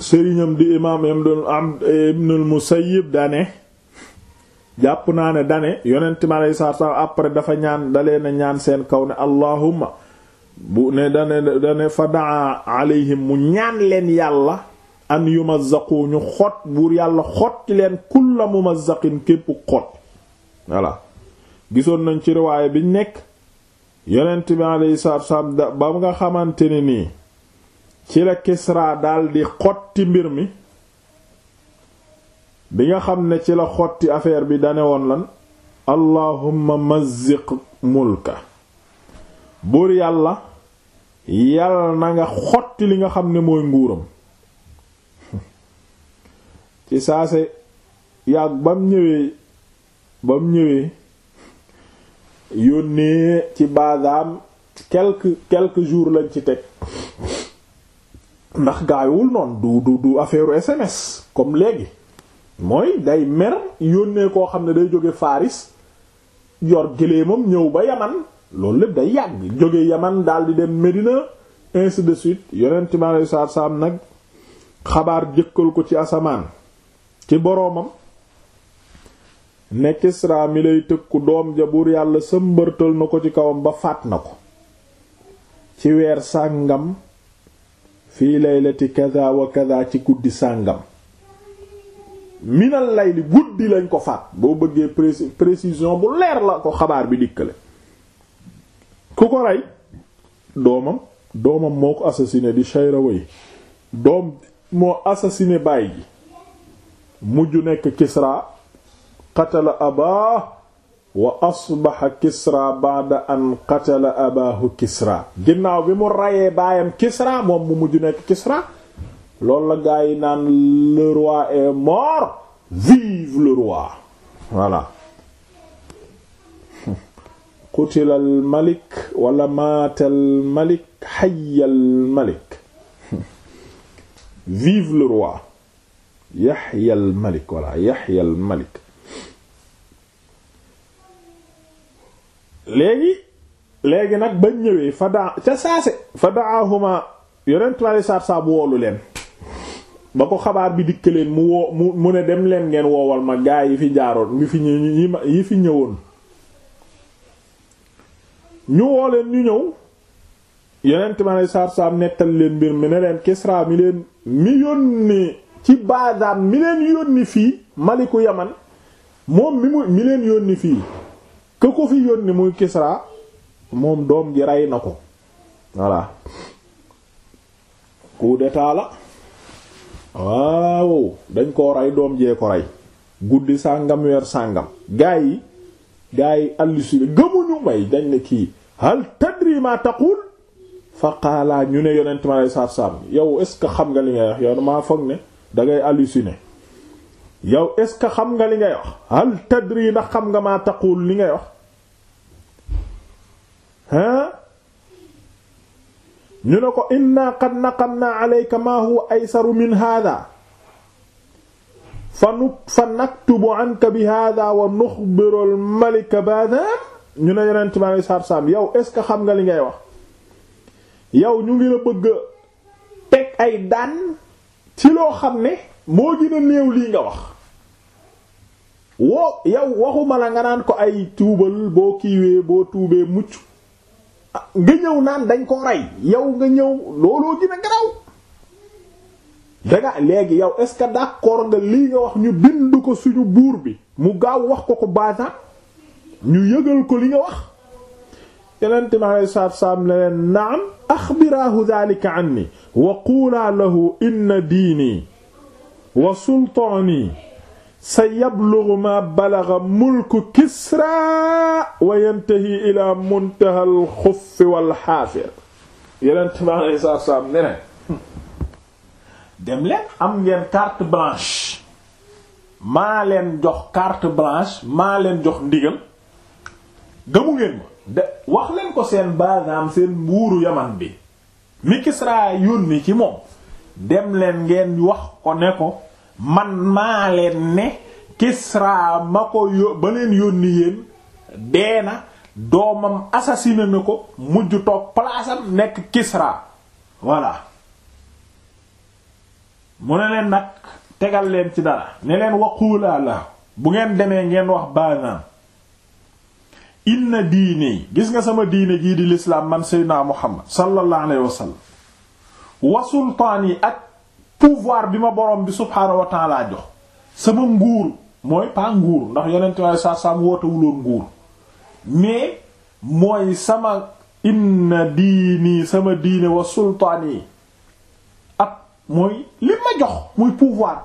sëriñam di imaam ibn al-Musayyib dane jàpp naa ne dane yonent mi alayhi salaatu après dafa ñaan dalee na ñaan seen kaw ne allahumma bu ne dane dane fa daa mu ñaan leen yàlla an yumazzaqu ñu xot buur yàlla xotti leen kulla mumazzaqin képp xot gisoon nañ ci riwaaya biñ nekk yonent bi alayhi salaatu wassalaam ba nga xamante ne nii ci la Kisra daldi xotti mbir mi bi nga xam ne ci la xotti affaire bi dane woon lan allahumma mazziq mulka buur yàlla yal na nga xotti li nga xam ne mooy nguuram ci saase yàgg bam ñëwee bam ñëwee yónnee ci baadaam quelques quelques jours lañ ci teg ndax gaayuwul noonu du du du affaire SMS comme léegi mooy day mer yónnee koo xam ne day jóge Faris yor gëléemam ñëw ba Yaman loolu lépp day yàgg jóge yaman daal di dem Medina ainsi de suite yonent mi aleyhi salaatu nag xabaar jëkkal ko ci asamaan ci boroomam ne Kisra mi lay tëkku doom ja buur yàlla sëmbërtal na ko ci kawam ba faat na ko ci weer sàngam fii laylati kaza wa kaza ci guddi sàngam minal layli guddi lañ ko faat boo bëggee précision bu leer la ko xabaar bi dikkale ku ko rey doomam doomam moo ko assassiné di Shayrawayh doom moo assassiné baay mujj nekk Kisra qatala abaa wa asbaxa Kisra ba'da an qatala abaahu Kisra ginnaaw bi mu rayee baayam Kisra moom mu mujj nekk Kisra loolu la gaa naan le roi est mort vive le roi voilà qutila al malik walla maata al malik hayya al malik vive le roi yaxya al malik wala yaxya al malik léegi léegi nag ba ñëwee fa daa ca saase fa daahuma yonent ma saar saab woolu leen ba ko xabaar bi dikk leen mu woo mu ne dem leen ngeen woowal ma gaa yi fi jaaroon yi fi ñëwoon ñu woo leen ñu ñëw yonent ma ne saar-saam nettal leen mbir mi ne leen Kisra mi leen mi yónni ci baadaam mi leen yónni fii maliku yaman moom mi mu mi leen yónni fii ke ko fi yónni muy Kisra moom doom ji rey na ko voilà coup d'état la waaw dañ koo rey doom jee ko rey guddi sàngam weer sàngam gaa yi gaa yi halluciné gëmuñu may dañ ne kii hal tadri ma taqul fa qaala ñu ne yonent ma lay saaf saaf yow est-ce que xam nga li ngay wax yow maa foog ne da ngay yow est-ce que xam nga li ngay wax hal tadri ndax xam nga ma taqul li ngay wax ah ñu ne ko inna qad naqamna alayka ma huwa aysaru min hada fa nu fa naktubu anka bi hada wa nukhbiru al malik baadha ñu ne yonent bi alayhi salaatu salaam yow est ce que xam nga li ngay wax yow ñu ngi la bëgg teg ay daan ci loo xam ne moo gën a néew lii nga wax woo yow waxuma la nga naan ko ay tuubal boo kiiwee boo tuubee mucc ah, nga ñëw naan dañ ko rey yow nga ñëw looloo gën a garaw danga léegi yow est ce que d'accord nga lii nga wax ñu bind ko suñu buur bi mu gaaw wax ko ko baata ñu yëgal ko li nga wax yeneen mi alei saatuasalaam ne leen naam axbiraahu daalika anni wa quulaa lahu inna diinii wa sultaanii sa yablughu maa balagha mulku kisraa wa yantahi ilaa muntaha alxuffi walxaafir yeneen mi alei saatuasalaam ne leen hmm, dem leen am ngeen carte blanche maa leen jox carte blanche maa leen jox ndigal gëmu ngeen ma de wax leen ko seen baagaam seen mbuuru yaman bi mi Kisra yónni ci moom dem leen ngeen wax ko ne ko man naa leen ne Kisra ma ko yó ba leen yónni yéen dee na doomam assassiné na ko mujj toog palaasam nekk Kisra voilà mu ne leen nag tegal leen ci dara ne leen waquulaa la bu ngeen demee ngeen wax baagaam inna diini gis nga sama diine jii di lislaam man seydinaa muhammad sallallahu alayhi wa sallam sultaan yi ak pouvoir bi ma borom bi subhaanahu wa jox sama nguur mooy pas nguur ndax yonent waaye saa saam wootewuloon nguur mais mooy sama inna diini sama diine wa sultaan yi ak mooy li ma jox muy pouvoir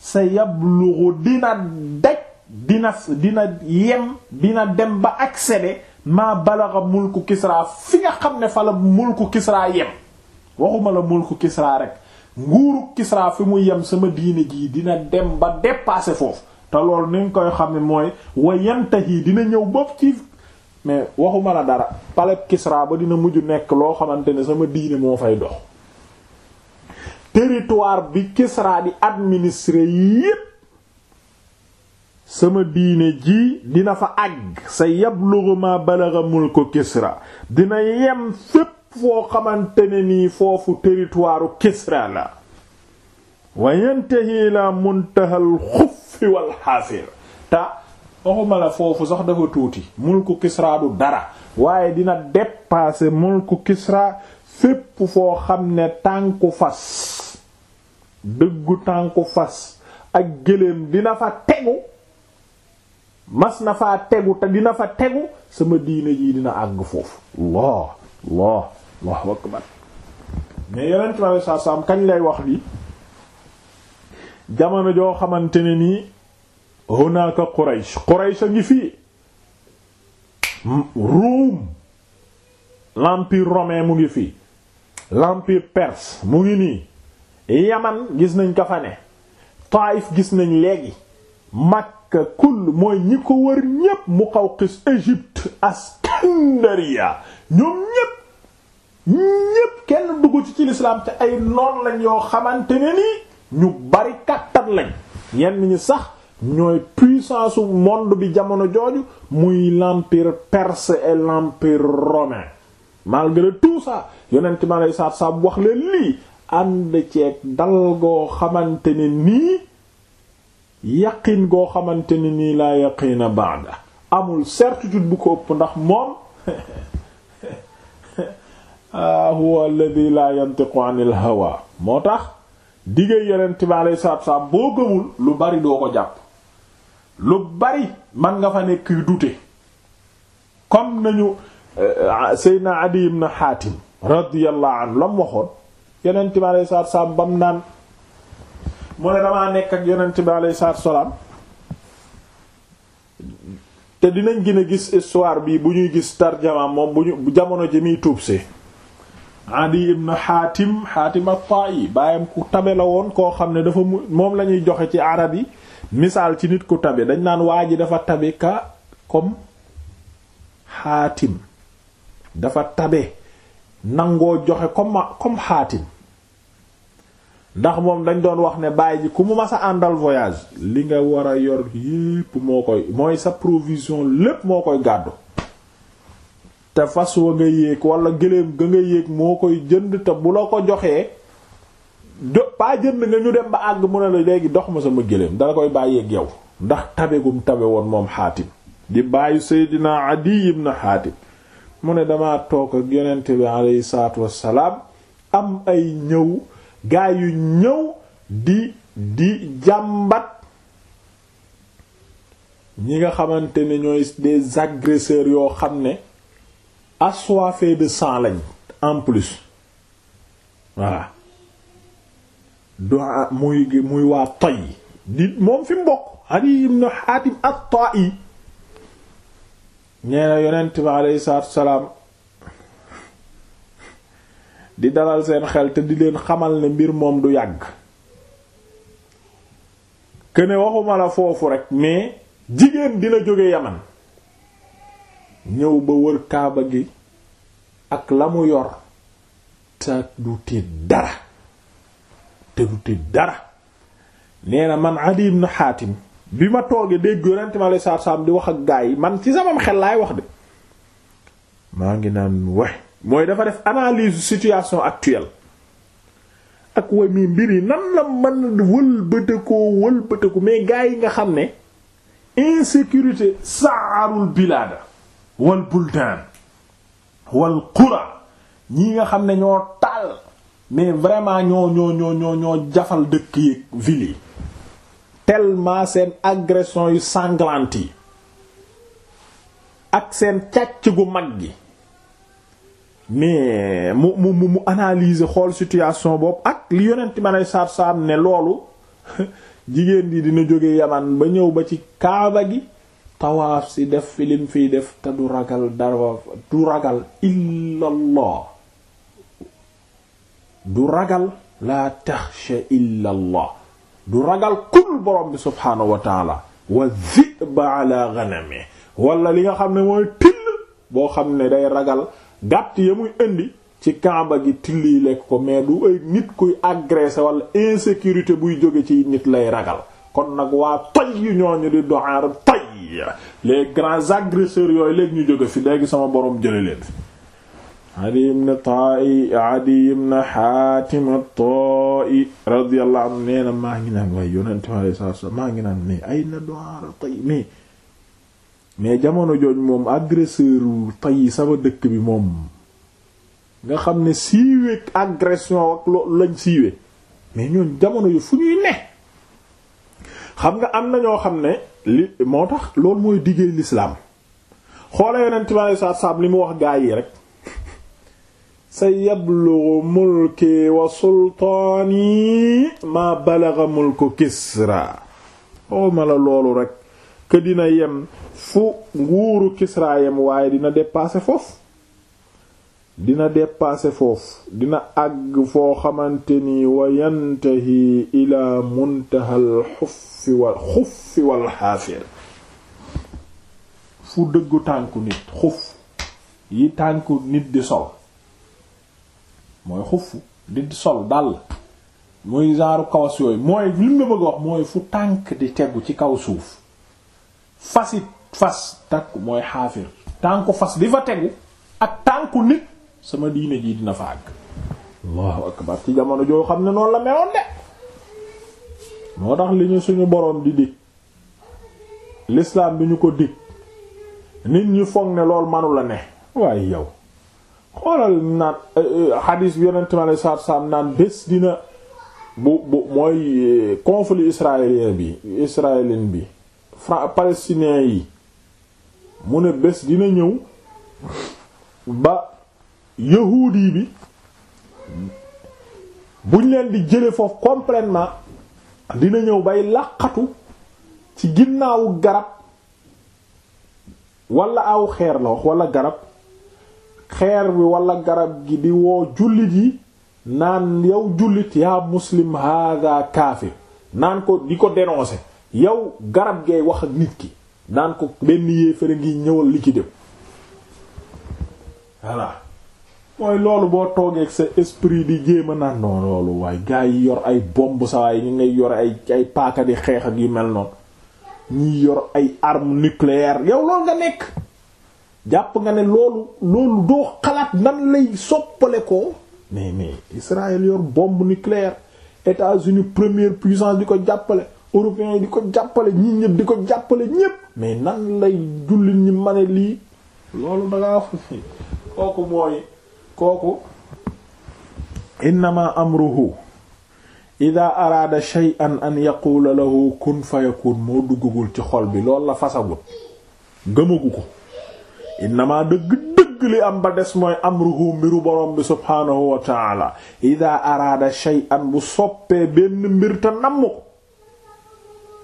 sa yablughu dina daj dina dina yem dina dem ba accéder maa balaxa mulku Kisra fi nga xam ne fa la mulku Kisra yem waxuma la mulku Kisra rek nguuru Kisra fi mu yem sama diine jii dina dem ba dépasser foofu te loolu ni nga koy xam ne mooy wa yantahi dina ñëw bopp ci mais waxuma la dara palais Kisra ba dina mujj nekk loo xamante ne sama diine moo fay dox territoire bi Kisra di administrer yépp sama diine ji dina fa àgg sa yablughu ma balagha mulku Kisra dina yem fépp foo xamante nii foofu territoire Kisra la wa yantahi ila foofu sax dafa tuuti mulku Kisra dara waaye dina dépasser mulku Kisra fépp foo xam ne tànku fas dëggu tànku fas ak gëléem dina fa tegu mas na faa tegu te dina fa tegu sama diine jii dina àgg foofu Allah Allah Allahu akbar mais yonent bi alei satu salaam kañ lay wax li jamono joo xamante ne nii hunaka Quraysh Quraysh a ngi fii Rome l'empire romain mu ngi fii l'empire perse mu ngi nii Yaman gis nañ ka fa ne Taïf gis nañ léegi Makka Makka kull mooy ñi ko wër ñépp Muqawqis Égypte Askandariya ñoom ñépp ñépp kenn dugg ci ci lislaam te ay noon lañ yoo xamante ne ni ñu bari kàttan lañ yenn ñi sax ñooy puissance u monde bi jamono jooju muy l'empire perse et l'empire romain malgré tout ça yonent mi alei saatu wax leen lii ànd ceeg dal xamante ne nii yaqin goo xamante ni nii laa yaqina ba'da amul certitude bu ko ëpp ndax moom ah, huwa alladhi la yantiqu anil hawa moo tax diggéey yonent bi alayhi salaatu salaam boo gëmul lu bari doo ko jàpp lu bari man nga fa nekk dute comme nañu eh, Seydina Adi ibn Hatim radiyallahu anhu lam waxoon yonent bi alayhi salaatu salaam bam naan mu ne damaa nekk ak yonent bi alayhi salaam te dinañ gën a gis histoire bi bu ñuy gis tarjama moom bu jamono ji muy tuub si Adi ibn Hatim Hatim at-Ta'i bàyyam ku tabe la woon koo xam ne dafa mu moom lañuy joxe ci arab yi misaal ci nit ku tabe dañ naan waa ji dafa tabe ka comme Hatim dafa tabe nangoo joxe comme comme ndax moom dañ doon wax ne bàyyi ji ku mu mas a àndal voyage li nga war a yor yépp moo koy mooy sa provision lépp moo koy gàddu te fas wa nga yéeg wala gëléem ga nga yéeg moo koy jënd te bu la ko joxee do pas jënd nga ñu dem ba àgg mu ne la léegi dox ma sama gëléem dala koy bàyyeeg yow ndax tabegum tabe woon moom xaatim di bàyyi Seydina Adi ibn Xaatim mu ne dama toog ak yonente bi aleyhi salaatu wassalaam am ay ñëw gaa yu ñëw di di jàmbat ñi nga xamante ne ñooy des agresseurs yoo xam ne assoiffés de sang lañ en plus voilà doa muy muy waa toy di moom fi mbokk Ali ibn Hatim at-Ta'i nee na yonent bi aleyhi salaam di dalal seen xel te di leen xamal ne mbir moom du yàgg këne waxuma la foofu rek mais jigéen dina jóge yaman ñëw ba wër kaaba gi ak la mu yor te du te dara te du te dara nee na man Adi ibn Hatim bi ma toogee dégg yonent ma lay saar di wax ak gaa yi man ci samam xel laay wax de maa ngi naan wax mooy dafa def analyse situation actuelle ak way mi mbir yi nan la mën wëlbatekoo wëlbateku mais gars yi nga xam ne insécurité saarul bilaada wal buldan wal qura ñi nga xam ne ñoo taal mais vraiment ñoo ñoo ñoo ñoo ñoo jafal dëkk yi ville yi tellement seen agression yu sanglante yi ak seen càcc gu mag gi mais mu mu mu mu analyser xool situation boobu ak li yonent ma lay saab-saab ne loolu jigéen di dina jóge yaman ba ñëw ba ci kaaba gi tawaaf si def filim fiy def te du ragal dara du ragal illallah du ragal laa taxsha illallah du ragal kul borom bi subhaanahu wa taala wa ziba ala ganame wala li nga xam ne mooy till boo xam ne day ragal gàtt ya muy indi ci kàmba gi tilli lekk ko mais du ay nit kuy agressé wala insécurité buy jóge ci nit lay ragal kon nag waa toj yu ñooñu di doxaar toj les grands agresseurs yooyu léegi ñu jóge fi léegi sama boroom jële leen fi adi ibn ta'i adi ibn hatim na maa ngi naan waaye yonente mi alayhi salaatu wa maa ngi naan mais ay na doxaar toj mais mais jamono jooj moom agresseur tey sama dëkk bi moom nga xam ne siiwee agression ak loolu lañ siiwee mais ñoon jamono yu fu ñuy ne xam nga am na ñoo xam ne li moo tax loolu mooy diggéey lislaam xoola yonent bi saa saam li mu wax gaa yi rek sa yablughu mulki wa sultaani ma balagha mulku kisra loolu rek que dina yem fu nguuru Kisra waaye dina dépasser foofu dina dépasser foofu dina àgg foo xamante ni wa yantahi ila muntaha al xuffi wal xuffi xaafir fu dëggu tànku nit xuf yi tànku nit di sol mooy xuf di sol dal muy genre kawas yooyu mooy li mu la bëgg a wax mooy fu tànk di tegu ci kaw suuf fasit fas takk mooy xaafir tànku fas di fa tegu ak tànku nit sama diine jii dina fa àgg allahu akbar ci jamono joo xam ne noonu la meloon de moo tax li ñu suñu boroom di dig l'islam bi ñu ko dig nit ñi foog ne lool manu la ne waaye yow xoolal naan euh, euh, xadiis bi yonente mi alei saatu salaam naan bés dina bu bu mooy euh, conflit israélien bi israélien bi fra palestiniens yi mu ne bés dina ñëw ba yahuudi bi buñ leen di jële foofu complètement dina ñëw bay laqatu ci ginnaawu garab wala aw xeer la wax wala garab xeer bi walla garab gi di woo jullit yi naan yow jullit yaa muslim hada kaafir naan ko di ko dénoncer yow garab gay wax ak nit ki daan ko benn yéefere ngi ñëwal li ci dem voilà mooy loolu boo toogee ak sa esprit di jéem a naan non loolu waaye gars yi yor ay bomb saa yi ngay yor ay ay paaka di xeex ak yu mel noonu ñi yor ay arme nucléaire yow loolu nga nekk jàpp nga ne loolu loolu doo xalaat nan lay soppale ko mais mais Israël yor bombe nucléaire États-Unis première puissance di ko jàppale européens yi di ko jàppale ñii ñëpp di ko jàppale ñëpp mais nan lay jullit ñi mane lii loolu dangaa fi kooku mooy kooku innama amruhu ida araada shay'an an yaquula lahu kun moo duggagul ci xol bi lool la fasagut gëmagu ko innama dëgg-dëgg li am ba des mooy amruhu mbiru borom bi subhaanahu wa taala araada shay'an bu soppee benn mbir te namm ko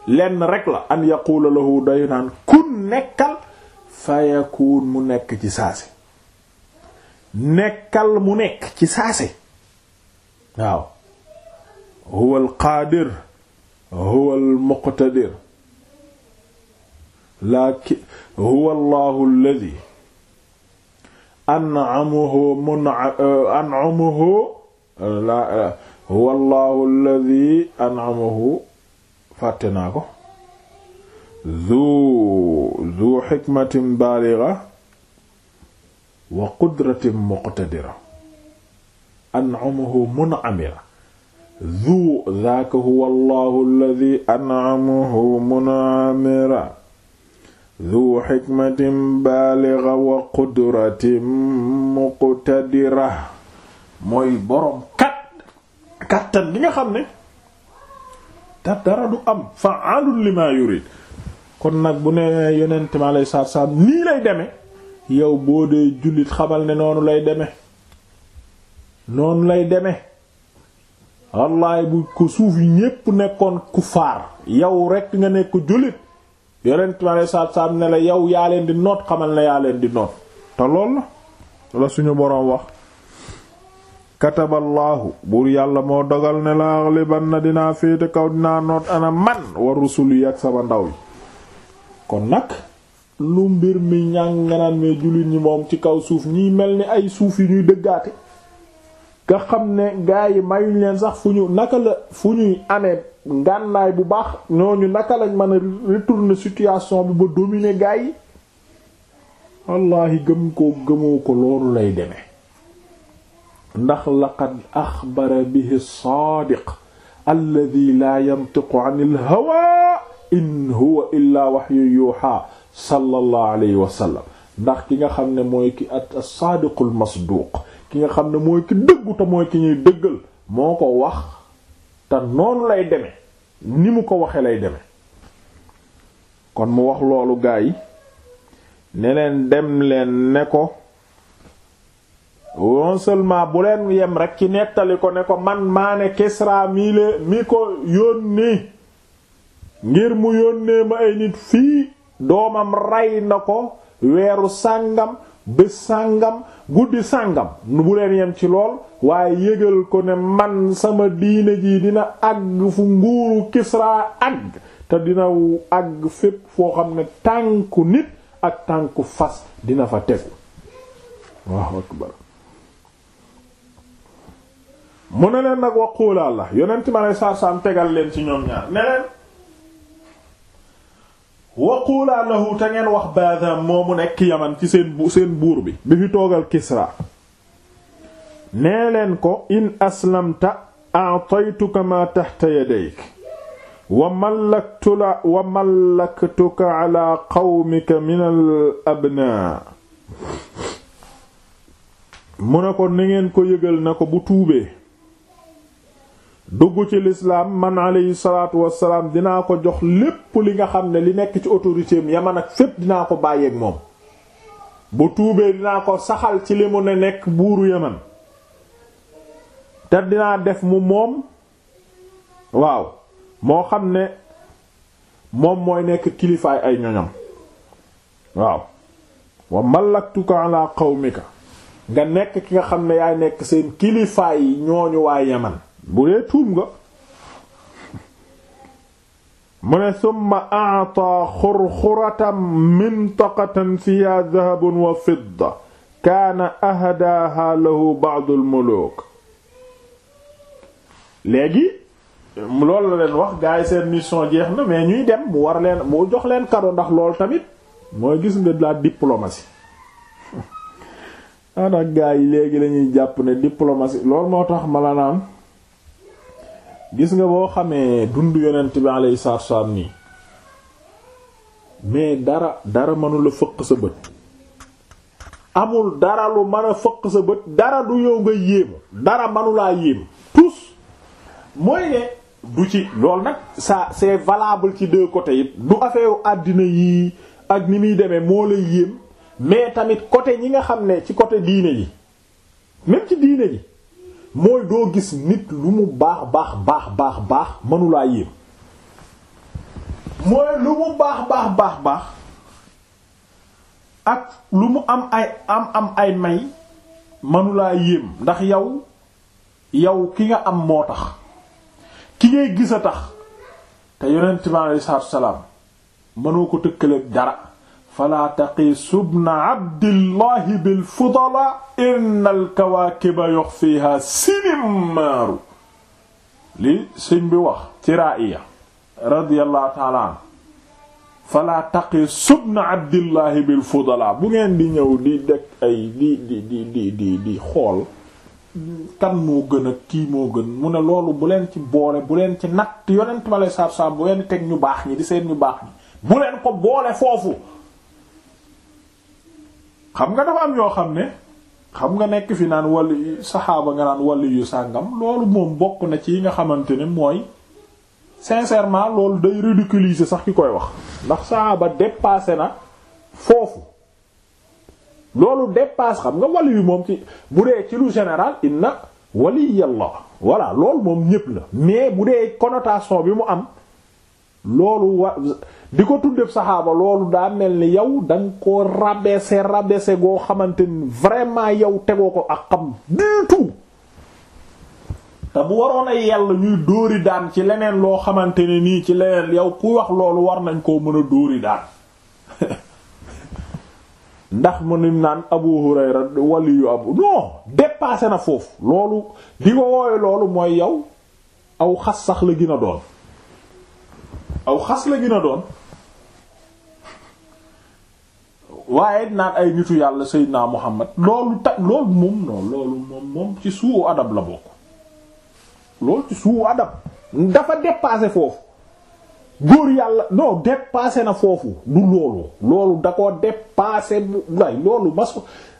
lenn rek la an yaqula lahu day naan kun nekkal fa yakun mu nekk ci saase nekkal mu nekk ci saase waaw huwa al qaadir huwa al muqtadir lakin huwa allahu alladhi an'amahu an'amahu huwa allahu alladhi an'amahu fàtte naa ko zu zu xikmatin baaliga wa qudratin muqtadira an'amahu mun'amira zu zaaka huwa allahu alladhi an'amahu mun'amira zu xikmatin baaliga wa qudratin muqtadira mooy boroom kat kattan bi nga xam ne ta dara du am fa'alun lima yurid kon nag bu ne yonent mi alayhi salaatu salaam nii lay demee yow boo dee jullit xamal ne noonu lay deme noonu lay demee wallaay bu ko suuf yi ñépp nekkoon ku kufaar yow rekk nga nekk jullit yonent mi alayhi salaatu salaam ne la yow yaa leen di noot xamal ne yaa leen di noot te lool la la suñu boroom wax kataballaahu buur yàlla moo dogal ne la aghlibanna dinaa féete kaw dinaa noot ana man wa rusuli ak sama ndaw yi kon nag lu mbir mi ñàng nga naan jullit ñi moom ci kaw suuf ñiy mel ni ay suuf yu ñuy dëggaate nga xam ne gaa yi mayuñ leen sax fu ñu naka la fu ñuy amee ngànnaay bu baax ñooñu naka lañ mën a retourner situation bi ba dominer gaa yi wallaahi gëm koo gëmoo ko loolu lay demee ndax laqad axbara bihi saadiq alladi laa yantiqu an il hawa in huwa illaa waxyu yuuxaa sallallahu alayhi wa ndax ki nga xam ne mooy ki at saadiqul masduuq ki nga xam ne mooy ki dëggu mooy ki ñuy dëggal moo ko wax te noonu lay deme ni mu ko waxee lay deme kon mu wax loolu gaa yi ne leen leen ne ko non seulement bu leen yem rekk ci nettali ko ne ko man maa ne Kisra mii le mi ko yónni ngir mu yónnee ma ay nit fii doomam rey na ko weeru sàngam bés sàngam guddi sàngam bu leen yem ci lool waaye yëgal ko ne man sama diine ji dina àgg fu nguuru Kisra àgg te dina agg fépp foo xam ne tànku nit ak tànku fas dina fa tegu mu ne leen nag waquula allah yonent ma lay saar-saam tegal leen ci ñoom ñaar ne leen waquula lahu te ngeen wax Badam moomu nekk yaman ci seen bu seen buur bi bi fi toogal Kisra nee leen ko in aslamta a'taytuka ma tahta yadayk wa malaktu la wa malaktuka ala qawmika min al abna mu ne ko ni ngeen ko yëgal na ko bu tuubee dugg ci lislaam man alayhi salaatu wassalaam dinaa ko jox lépp li nga xam ne li nekk ci autorité am yaman ak fépp dinaa ko bàyyeeg moom bu tuubee dinaa ko saxal ci li mu ne nekk buuru yaman te dinaa def mu moom waaw moo xam ne moom mooy nekk kilifaay ay ñoñam waaw wa malaktuka mi qawmika nga nekk ki nga xam ne yaay nekk seen kilifaay ñooñu waa yaman bu dee tuub nga mu ne summa a'ta xurxuratan mintaqatan fiha dahabun wa fidda kaana ahdaha lahu ba'd al léegi loolu la leen wax gars yi seen mission jeex na mais ñuy dem mu war leen mu jox leen cadeau ndax lool tamit mooy gis nga la diplomatie anak gars yi léegi lañuy jàpp ne diplomatie loolu moo tax ma la naan gis nga boo xamee dund yonent bi alayhi salaatu wassalaam nii mais dara dara mënula fëq sa bët amul dara lu mën a fëq sa bët dara du yow nga yéemu dara mënulaa yéem tous mooy ne du ci loolu nag ça c'est valable ci deux côtés yi du affaire àddina yii ak ni muy demee moo lay yéem mais tamit côté ñi nga xam ne ci côté diine yi même ci diine yi mooy doo gis nit lu mu baax baax baax baax baax mënulaa yéem mooy lu mu baax baax baax baax ak lu mu am ay am am ay may mënulaa yéem ndax yow yow ki nga am moo tax ki ngay gis a tax te yonent bi aleyhi salaatu salaam mënoo ko tëkkaleek dara fala taqiisu bna abdillahi bilfudala inna alkawaakiba yuxfiha sinimmaaru li sëñ bi wax ci raaya radiyallahu taala an fala taqiisu bna abdillahi bilfudala bu ngeen di ñëw di dekk ay di di di di di di xool kan moo gën a kii moo gën mu ne loolu bu leen ci boole bu leen ci natt yonent ma lay saab saab bu leen teg ñu baax ñi di seen ñu baax ñi bu leen ko boole foofu xam nga dafa am yoo xam ne xam nga nekk fi naan wàllu saxaaba nga naan wàllu yu sàngam loolu moom bokk na ci yi nga xamante ne mooy sincèrement loolu day ridiculiser sax ki koy wax ndax saxaaba dépassé na foofu loolu dépasse xam nga wàllu yu moom ci bu dee ci lu général inna waliyallah voilà loolu moom ñépp la mais bu dee connotation bi mu am loolu wa di ko tuddee saxaaba loolu daa mel ni yow dañ nga koo rabese rabaisser goo xamante ni vraiment yow tegoo ko ak xam du tout te bu waroon a yàlla ñuy dóori daan ci leneen loo xamante ne nii ci leneen yow ku wax loolu war nañ koo mën a dóori daan ndax mu ni naan Abu Hurayra waliyu abu non dépassé na foofu loolu di ko woowe loolu mooy yow aw xas sax la gën a doon. aw xas la gën a doon waaye naan ay nitu yàlla Seydina Muhammad loolu ta loolu moom non loolu moom moom ci suuwu adab la bokk loolu ci suuwu adab dafa dépassé foofu góor yàlla non dépassé na foofu du loolu loolu da ko dépassé bu way loolu mas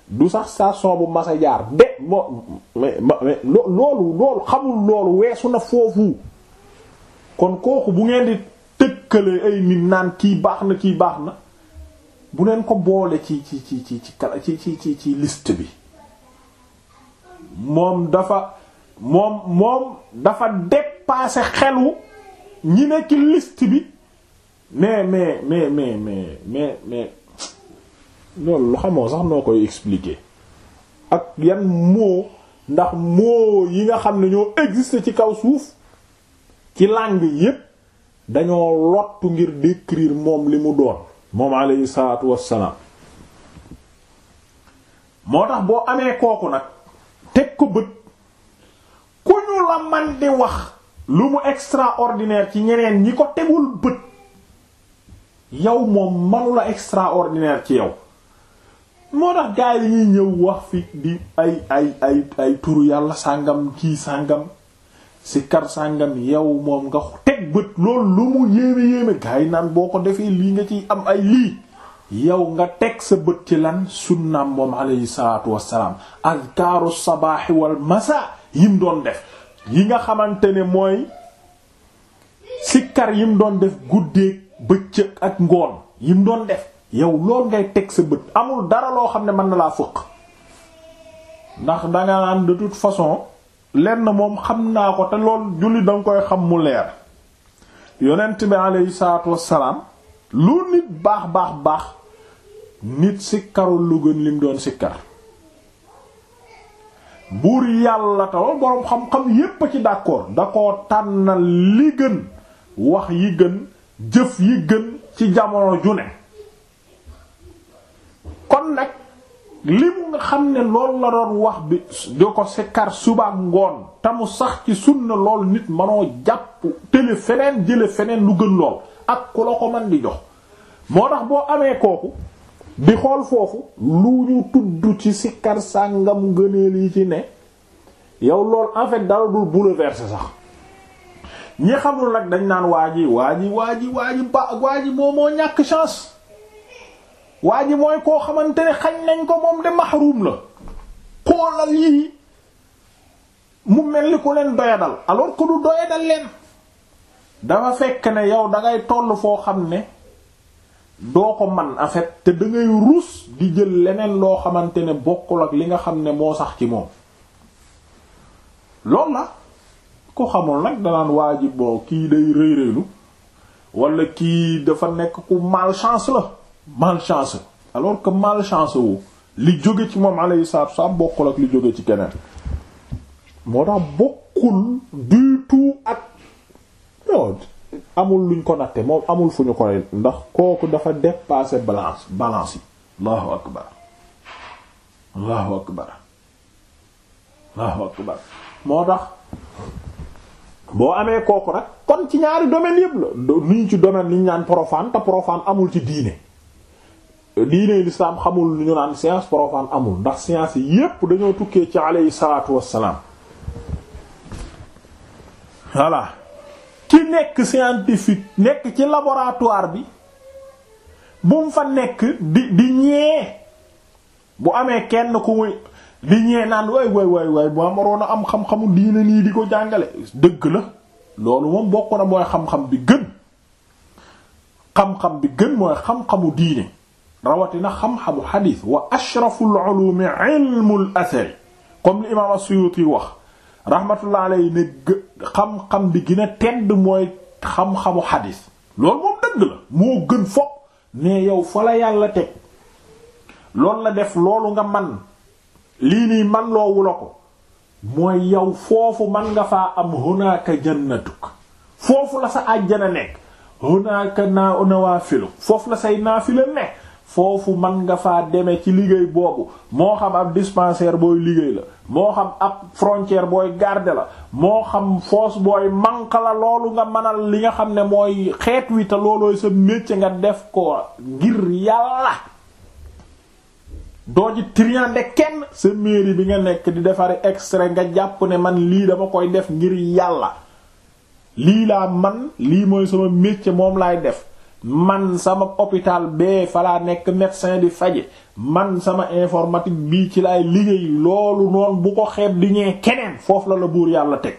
du sax station bu mas a jaar de mo loolu loolu xamul loolu weesu na foofu kon kooku bu ngeen di tëkkale ay nit naan kii baax na kii baax na bu leen ko boole ci ci ci ci ci kala ci ci ci ci liste bi moom dafa moom moom dafa dépasser xelu ñi ne ci bi mais mais mais mais mais mais mais loolu lu xamoo sax noo koy expliquer ak yan moo ndax moo yi nga xam ne ñoo existe ci kaw suuf ci langue yépp dañoo lottu ngir décrire moom li mu doon moom aleyhi salaatu wassalaam moo tax boo amee kooku nag teg ko bët ku ñu la man di wax lu mu extraordinaire ci ñeneen ñi ko tegul bët yow moom manula extraordinaire ci yow moo tax gaay yi ñuy ñëw wax fi di ay ay ay turu yàlla sàngam kii sàngam si kar sàngam yow moom nga teg bët loolu lu mu yéeme yéeme gars boo ko defee lii nga ci am ay lii yow nga teg sa bët ci lan sunnaam moom alayhi salaatu wassalaam azkaaru sabaaxi wal masa yim doon def yi nga xamante ne mooy sikkar yim doon def guddeeg bëccëg ak ngoon yim doon def yow lool ngay teg sa bët amul dara loo xam ne mën na laa fëq ndax danga naan de toute façon lenn moom xam naa ko te lool julli danga koy xam mu leer yonent bi aleyhi salaatu wassalaam lu nit baax baax baax nit sikkarul lu gën lim doon sikkar buur yàlla tawal boroom xam-xam yépp a ci d'accord da koo tànnal li gën wax yi gën jëf yi gën ci jamono ju ne kon nag li mu nga xam ne loolu la doon wax bi di ko sikkar suba ngoon tamu mu sax ci na lool nit manoo jàpp tële feneen jële feneen lu gën lool ak ku la ko man di jox moo tax boo amee kooku di xool foofu lu ñu tudd ci sikkar mu gëneel yi ci ne yow loolu en fait dara sax ñi xamul nag dañ naan waa ji waa ji waa ji waa waa ji moo moo ñàkk chance waa ji mooy koo xamante ne xañ nañ ko moom de mahrum la xoolal yii mu mel ni ku leen doyadal alors que du doyadal leen dafa fekk ne yow dangay ngay toll foo xam ne doo ko man en fait te da ruus di jël leneen loo xamante ne bokkul ak li nga xam ne moo sax ki moom loolu na ko xamul nag danaan waa ji boo kii day rëy rëylu wala kii dafa nekk ku malchance la malchanceux alors que malchanceux wu li jóge ci moom alayhi salaatu wasallam bokkul ak li jóge ci keneen moo tax bokkul du tout ak non amul luñ ko natte moom amul fu ñu koy ndax kooku dafa dépasser balance balance yi allahu akbar allahu akbar allahu akbar moo tax boo amee kooku nag kon ci ñaari domaine yëpp la niñ ci domaine liñ naan profane te profane amul ci diine diine lislaam xamul lu ñu naan science profane amul ndax science yi yépp dañoo tukkee ci aleyhi salaatu wassalaam voilà ki nekk scientifique nekk ci laboratoire bi bu mu fa nekk di di ñee bu amee kenn ku muy di ñee naan waay waay waay waay bu amaroon a am xam-xamu diine nii di ko jàngale dëgg la loolu moom bokk na mooy xam-xam bi gën xam-xam bi gën mooy xam-xamu diine rawatina xam-xamu xadiis wa ashraful ulumi ilmul athari li imaam as-Suyuti wax xam-xam bi gina a tedd mooy xam-xamu xadiis loolu moom dëgg la moo gën fopp ne yow fa yàlla teg loolu la def loolu nga man lii nii man loowu ko mooy yow foofu man nga faa am hunaaka jannatuk foofu la sa àjjana nekk hunaaka naa foofu la say naafila nekk foofu mën nga faa deme ci liggéey boobu moo xam ab dispensaire booy liggéey la moo xam ab frontière booy garder la moo xam foos booy manq la loolu nga mënal li nga xam ne mooy xeet wi te loolooy sa métier nga def ko ngir yàlla doo ji triande kenn sa mairie bi nga nekk di defar extrait nga jàpp ne man lii dama koy def ngir yàlla lii laa man lii mooy sama métier moom laay def man sama hôpital bee falaa nekk médecin di faje man sama informatique bii ci laay liggéey loolu noonu bu ko xeeb di ñee keneen foofu la la buur yàlla teg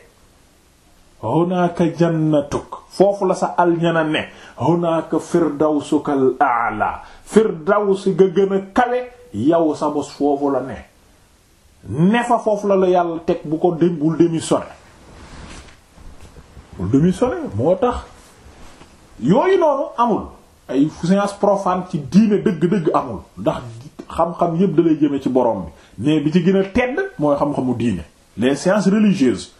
hunaka jannatuk foofu la sa aljana ne hunaka firdawsukal aala firdaws ga gën a kawe yow sa bos foofu la ne ne fa foofu la la yàlla teg bu ko dem bul demi sone bul demi sone moo tax yooyu noonu amul ay science profane ci diine dëgg-dëgg amul ndax xam-xam yépp da jëme ci borom bi mais bi ci gën a tedd mooy xam-xamu diine les sciences religieuses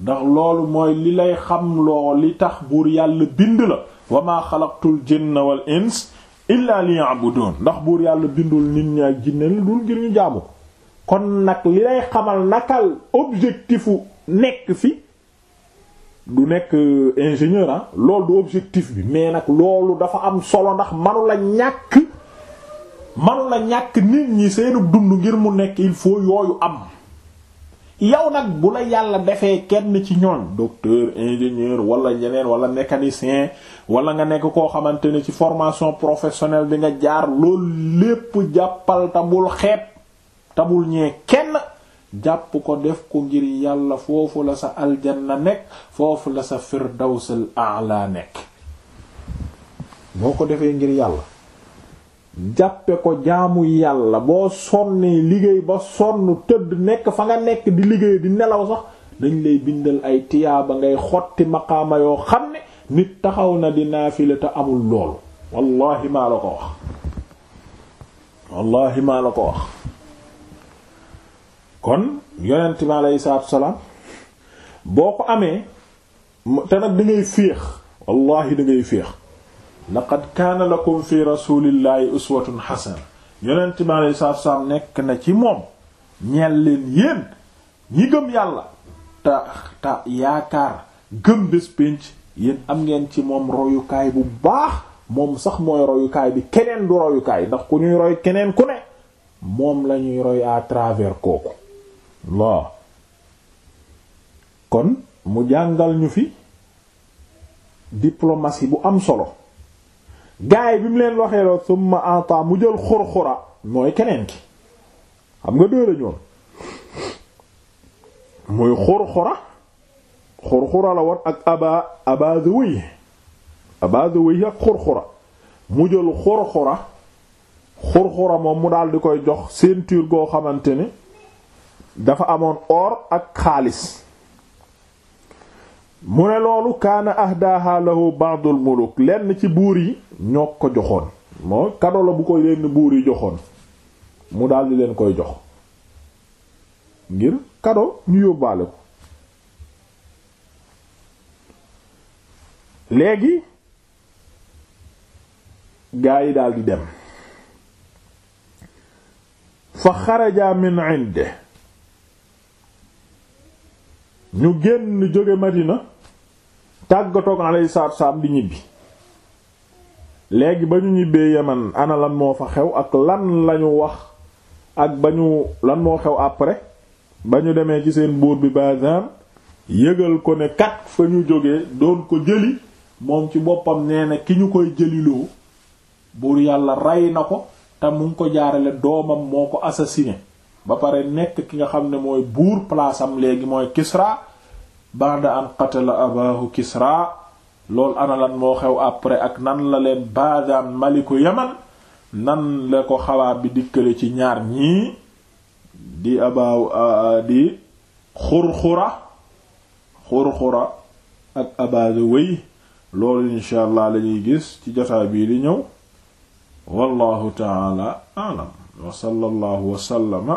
ndax loolu mooy li lay xam loo li tax buur yàlla bind la wa maa xalaqtul jinna wal ins illa ndax buur yàlla bindul nit ñi ak jinne la dul ngir ñu jaamu ko kon nag li lay xamal nakal objectifu nekk fi du nekk euh, ingénieur ah loolu du objectif bi mais nag loolu dafa am solo ndax manu la ñàkk manu la ñàkk nit ñi seenu dund ngir mu nekk il faut yooyu am yow nag bu la yàlla defee kenn ci ñoon docteur ingénieur wala ñeneen wala mécanicien wala nga nekk koo xamante ne ci formation professionnelle bi nga jaar loolu lépp jàppal tabul xeeb tabul ñee kenn jàpp ko def ko ngir yàlla foofu la sa aljanna nekk foofu la sa firdawsal a'la nekk boo ko defee ngir yàlla jàppe ko jaamu yàlla boo sonnee liggéey ba sonn tëdd nekk fa nga nekk di liggéey di nelaw sax dañ lay bindal ay tiyaaba ngay xotti maqaama yoo xam ne nit taxaw na di naafila te amul loolu wallahi maa la ko wax wallahi maa la ko wax kon yonent bi aleyhi salaatu wasalaam boo ko amee te nag da ngay féex wallahi da ngay féex laqad kaana lakum fi rasulillahi uswatun hasana yonent bi aleyhi salaatu wasalaam nekk na ci moom ñeel leen yéen ñi gëm yàlla te ta yaakaar gëm bés pénc am ngeen ci moom royukaay bu baax moom sax mooy royukaay bi keneen du royukaay ndax ku ñuy roy keneen ku ne moom lañuy roy à travers kooku Allah kon mu jàngal ñu fi diplomatie bu am solo gaay bi mu leen waxee la summa ata mu jël xurxura mooy keneen ki xam nga dóor a ñoon muy xurxura xurxura la woon ak aba aba zuwéy ak xurxura mu jël xurxura xurxura moom mu daal di koy jox ceinture goo xamante ni dafa amoon or ak xaalis mu ne loolu kaana ahdaaha lahu ba'dul muluk lenn ci buur yi ñoo ko joxoon moo kado la bu ko lenn buur yi joxoon mu daldi leen koy jox ngir kado ñu yóbbaale ko léegi gaa yi daldi dem fa xaraja min inde ñu génn jóge Madina tàggatoog alayhi salaatu salaam di ñibbi léegi ba ñu ñibbee Yaman ana lan moo fa xew ak lan lañu wax ak ba ñu lan moo xew après ba ñu demee ci seen buur bi Bazan yëgal ko ne kat fa ñu jóge doon ko jëli moom ci boppam nee na ki ñu koy jëliloo buur yàlla rey na ko te mu ngi ko jaarale doomam moo ko assassiné ba pare nekk ki nga xam ne mooy buur place léegi mooy Kisra ba'da an qatala abahu Kisra loolu ana lan moo xew après ak nan la leen Baadaan maliku Yaman nan la ko xabaar bi dikkale ci ñaar ñii di abaaw di xurxura xurxura ak abada wéy loolu incha allah gis ci jotaay bii di ñëw wallahu taala aalam wa sallallahu wa sallama